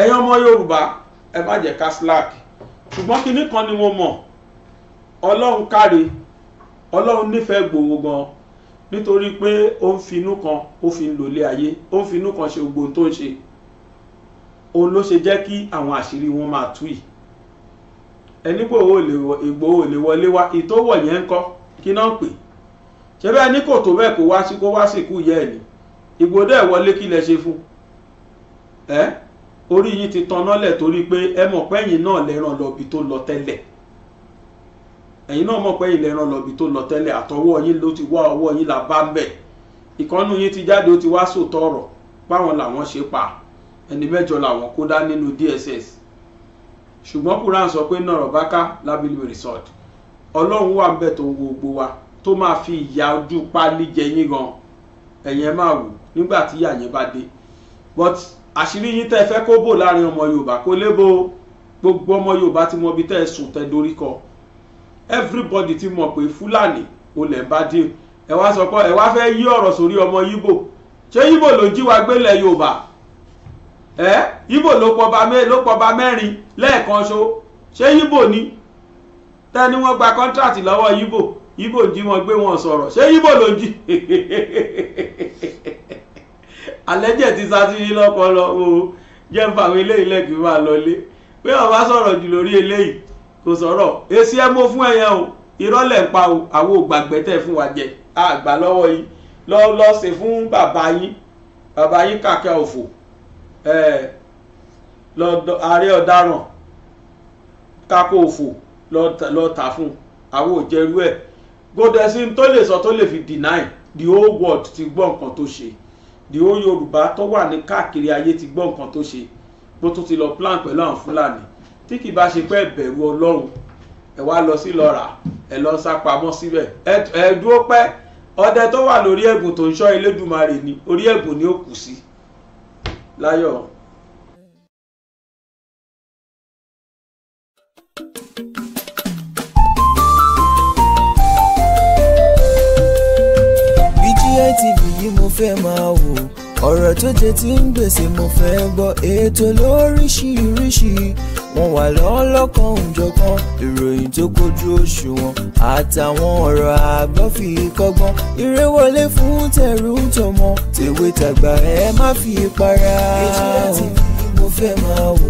ẹ̀yin ọmọ Yorùbá ẹ má jẹ́ ká slack ṣùgbọ́n kinní kan ni mo mọ̀ Ọlọ́run káre Ọlọ́run nífẹ̀ẹ́ gbòòwò gan nítorí pé ó ń finú kan ó fi ń lòlé ayé ó ń finú kan ṣe gbogbo tó ń ṣe òun ló ṣe jẹ́ kí àwọn àṣírí wọn máa tú yìí ẹni gbòòwò lè wọ ìgbòòwò lè wọlé wa ìtòwọ̀ yẹn ń kọ́ kí náà ń pè ṣé bẹ́ẹ̀ ní kò tó bẹ́ẹ̀ kó wá sí kó wá sìnkú yẹ ẹ̀ ní ìgbòdó ẹ̀ wọlé kí lẹ ṣe fún ẹ orí yìí ti tanná lẹ̀ torí pé ẹ mọ̀ pé ẹ̀yin náà lẹ ràn lọ́bi tó lọ tẹ́lẹ̀ ẹ̀yin náà mọ̀ pé ẹ̀yin lẹ ràn lọ́bi tó lọ tẹ́lẹ̀ àtọwọ́ yín ló ti wá ọwọ́ yín là bá ń bẹ̀ ìkọ́nú yín ti jáde ó ti wá sòtọ́ ọ̀rọ̀ páwọn làwọn ṣe pa ẹni mẹ́jọ làwọn kó dá nínú DSS ṣùgbọ́n Quran sọ pé náà rọ̀báká lábìlì resort ọlọ́run wà ń bẹ̀ tó ń wo gbogbo wa tó máa fi ìyà ojú páálí jẹ yín gan ẹ̀yẹn máa wò nígbà tí ìyà yẹn bá dé but àṣírí yín tẹ́ fẹ́ kó bò láàrin ọmọ Yorùbá kó lébo gbogbo ọmọ Yorùbá tí mo bi tẹ́ sùn tẹ́ dorí kọ everybody ti mọ̀ pé Fúlàní olè ń bá dín ẹ wá sọ pé ẹ wá fẹ́ yí ọ̀rọ̀ sórí ọmọ Yíbò ṣé Yíbò ló jí wa gbélé Yorùbá ẹ Yíbò ló pọba mẹ́rin lẹ́ẹ̀kan ṣo ṣé yíbò ni tẹ́ni wọ́n gba kọ́ńtàtì lọ́wọ́ yíbò yíbò jí wọn gbé wọn sọ̀rọ̀ ṣé yíbò ló jí alẹ́jẹ̀ ti sátìrí lọ́kọ lọ o jẹ́ ń fa àwọn eléyìí lẹ́kì máa lọlé pé ọba sọ̀rọ̀ jù lórí eléyìí kò sọ̀rọ̀ èsì ẹ mo fún ẹyẹ o ìrọ́lẹ̀ ń pa o àwọn ògbàgbẹ́ tẹ̀ fún wa jẹ àgbà lọ́wọ́ yìí lọ́ọ́ lọ́ọ́ ṣe fún bàbá yín bàbá yín kàkẹ́ òfò ẹ̀ẹ́ lọ́dọ̀ ààrẹ ọ̀daràn kápò òfò lọ tà fún àwọn òjẹrú ẹ̀ godesin tó lè sọ tó lè fi deny the whole world ti gbọ́ nǹkan tó ṣe the whole yorùbá tó wà ní káàkiri ayé ti gbọ́ nǹkan tó ṣe bó tún ti lọ plan pẹ̀lú àwọn fúlàní tí kì bá ṣe pé ẹ̀bẹ̀rù ọlọ́run ẹ wá lọ sí lọ́ra ẹ lọ sá pamọ́ síbẹ̀ ẹ dúró pẹ́ ọdẹ tó wà lórí ẹ̀bùn tó ń ṣọ́ Elédùmarè ni orí ẹ̀bùn ni ó kù sí láyọ̀ BGI TV yìí mo fẹ́ máa wò ọ̀rọ̀ tó jẹ ti ń gbèsè mo fẹ́ gbọ́ ètò lóríṣiríṣi wọn wà lọ́lọ́kan òjọ̀kan ìròyìn tó kojú òṣùwọ̀n àtàwọn ọ̀rọ̀ àgbọ́ fi kọ́gbọ́n eré wọlé fún tẹrú tọmọ tèwe tàgbà ẹ má fi para. BGI mo fẹ́ máa wò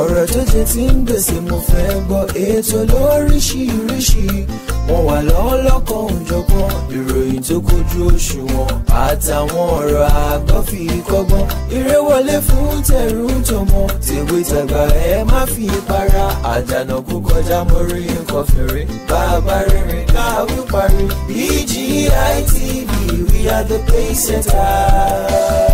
ọ̀rọ̀ tó jẹ ti ń gbèsè mo fẹ́ gbọ́ ètò lóríṣiríṣi wọn wà lọ́wọ́ lọ́kọ̀ òjọ̀gbọ́n ìròyìn tó kojú òṣùwọ̀n àtàwọn ọ̀rọ̀ àgbọ́ fi kọ́gbọ́n eré wọlé fún tẹ̀rù tọmọ tèwe tàgbà ẹ má fi para àdànà kú kọjá mo nǹkan fèrè bàbá rere káwí parí BGI we are the pace setters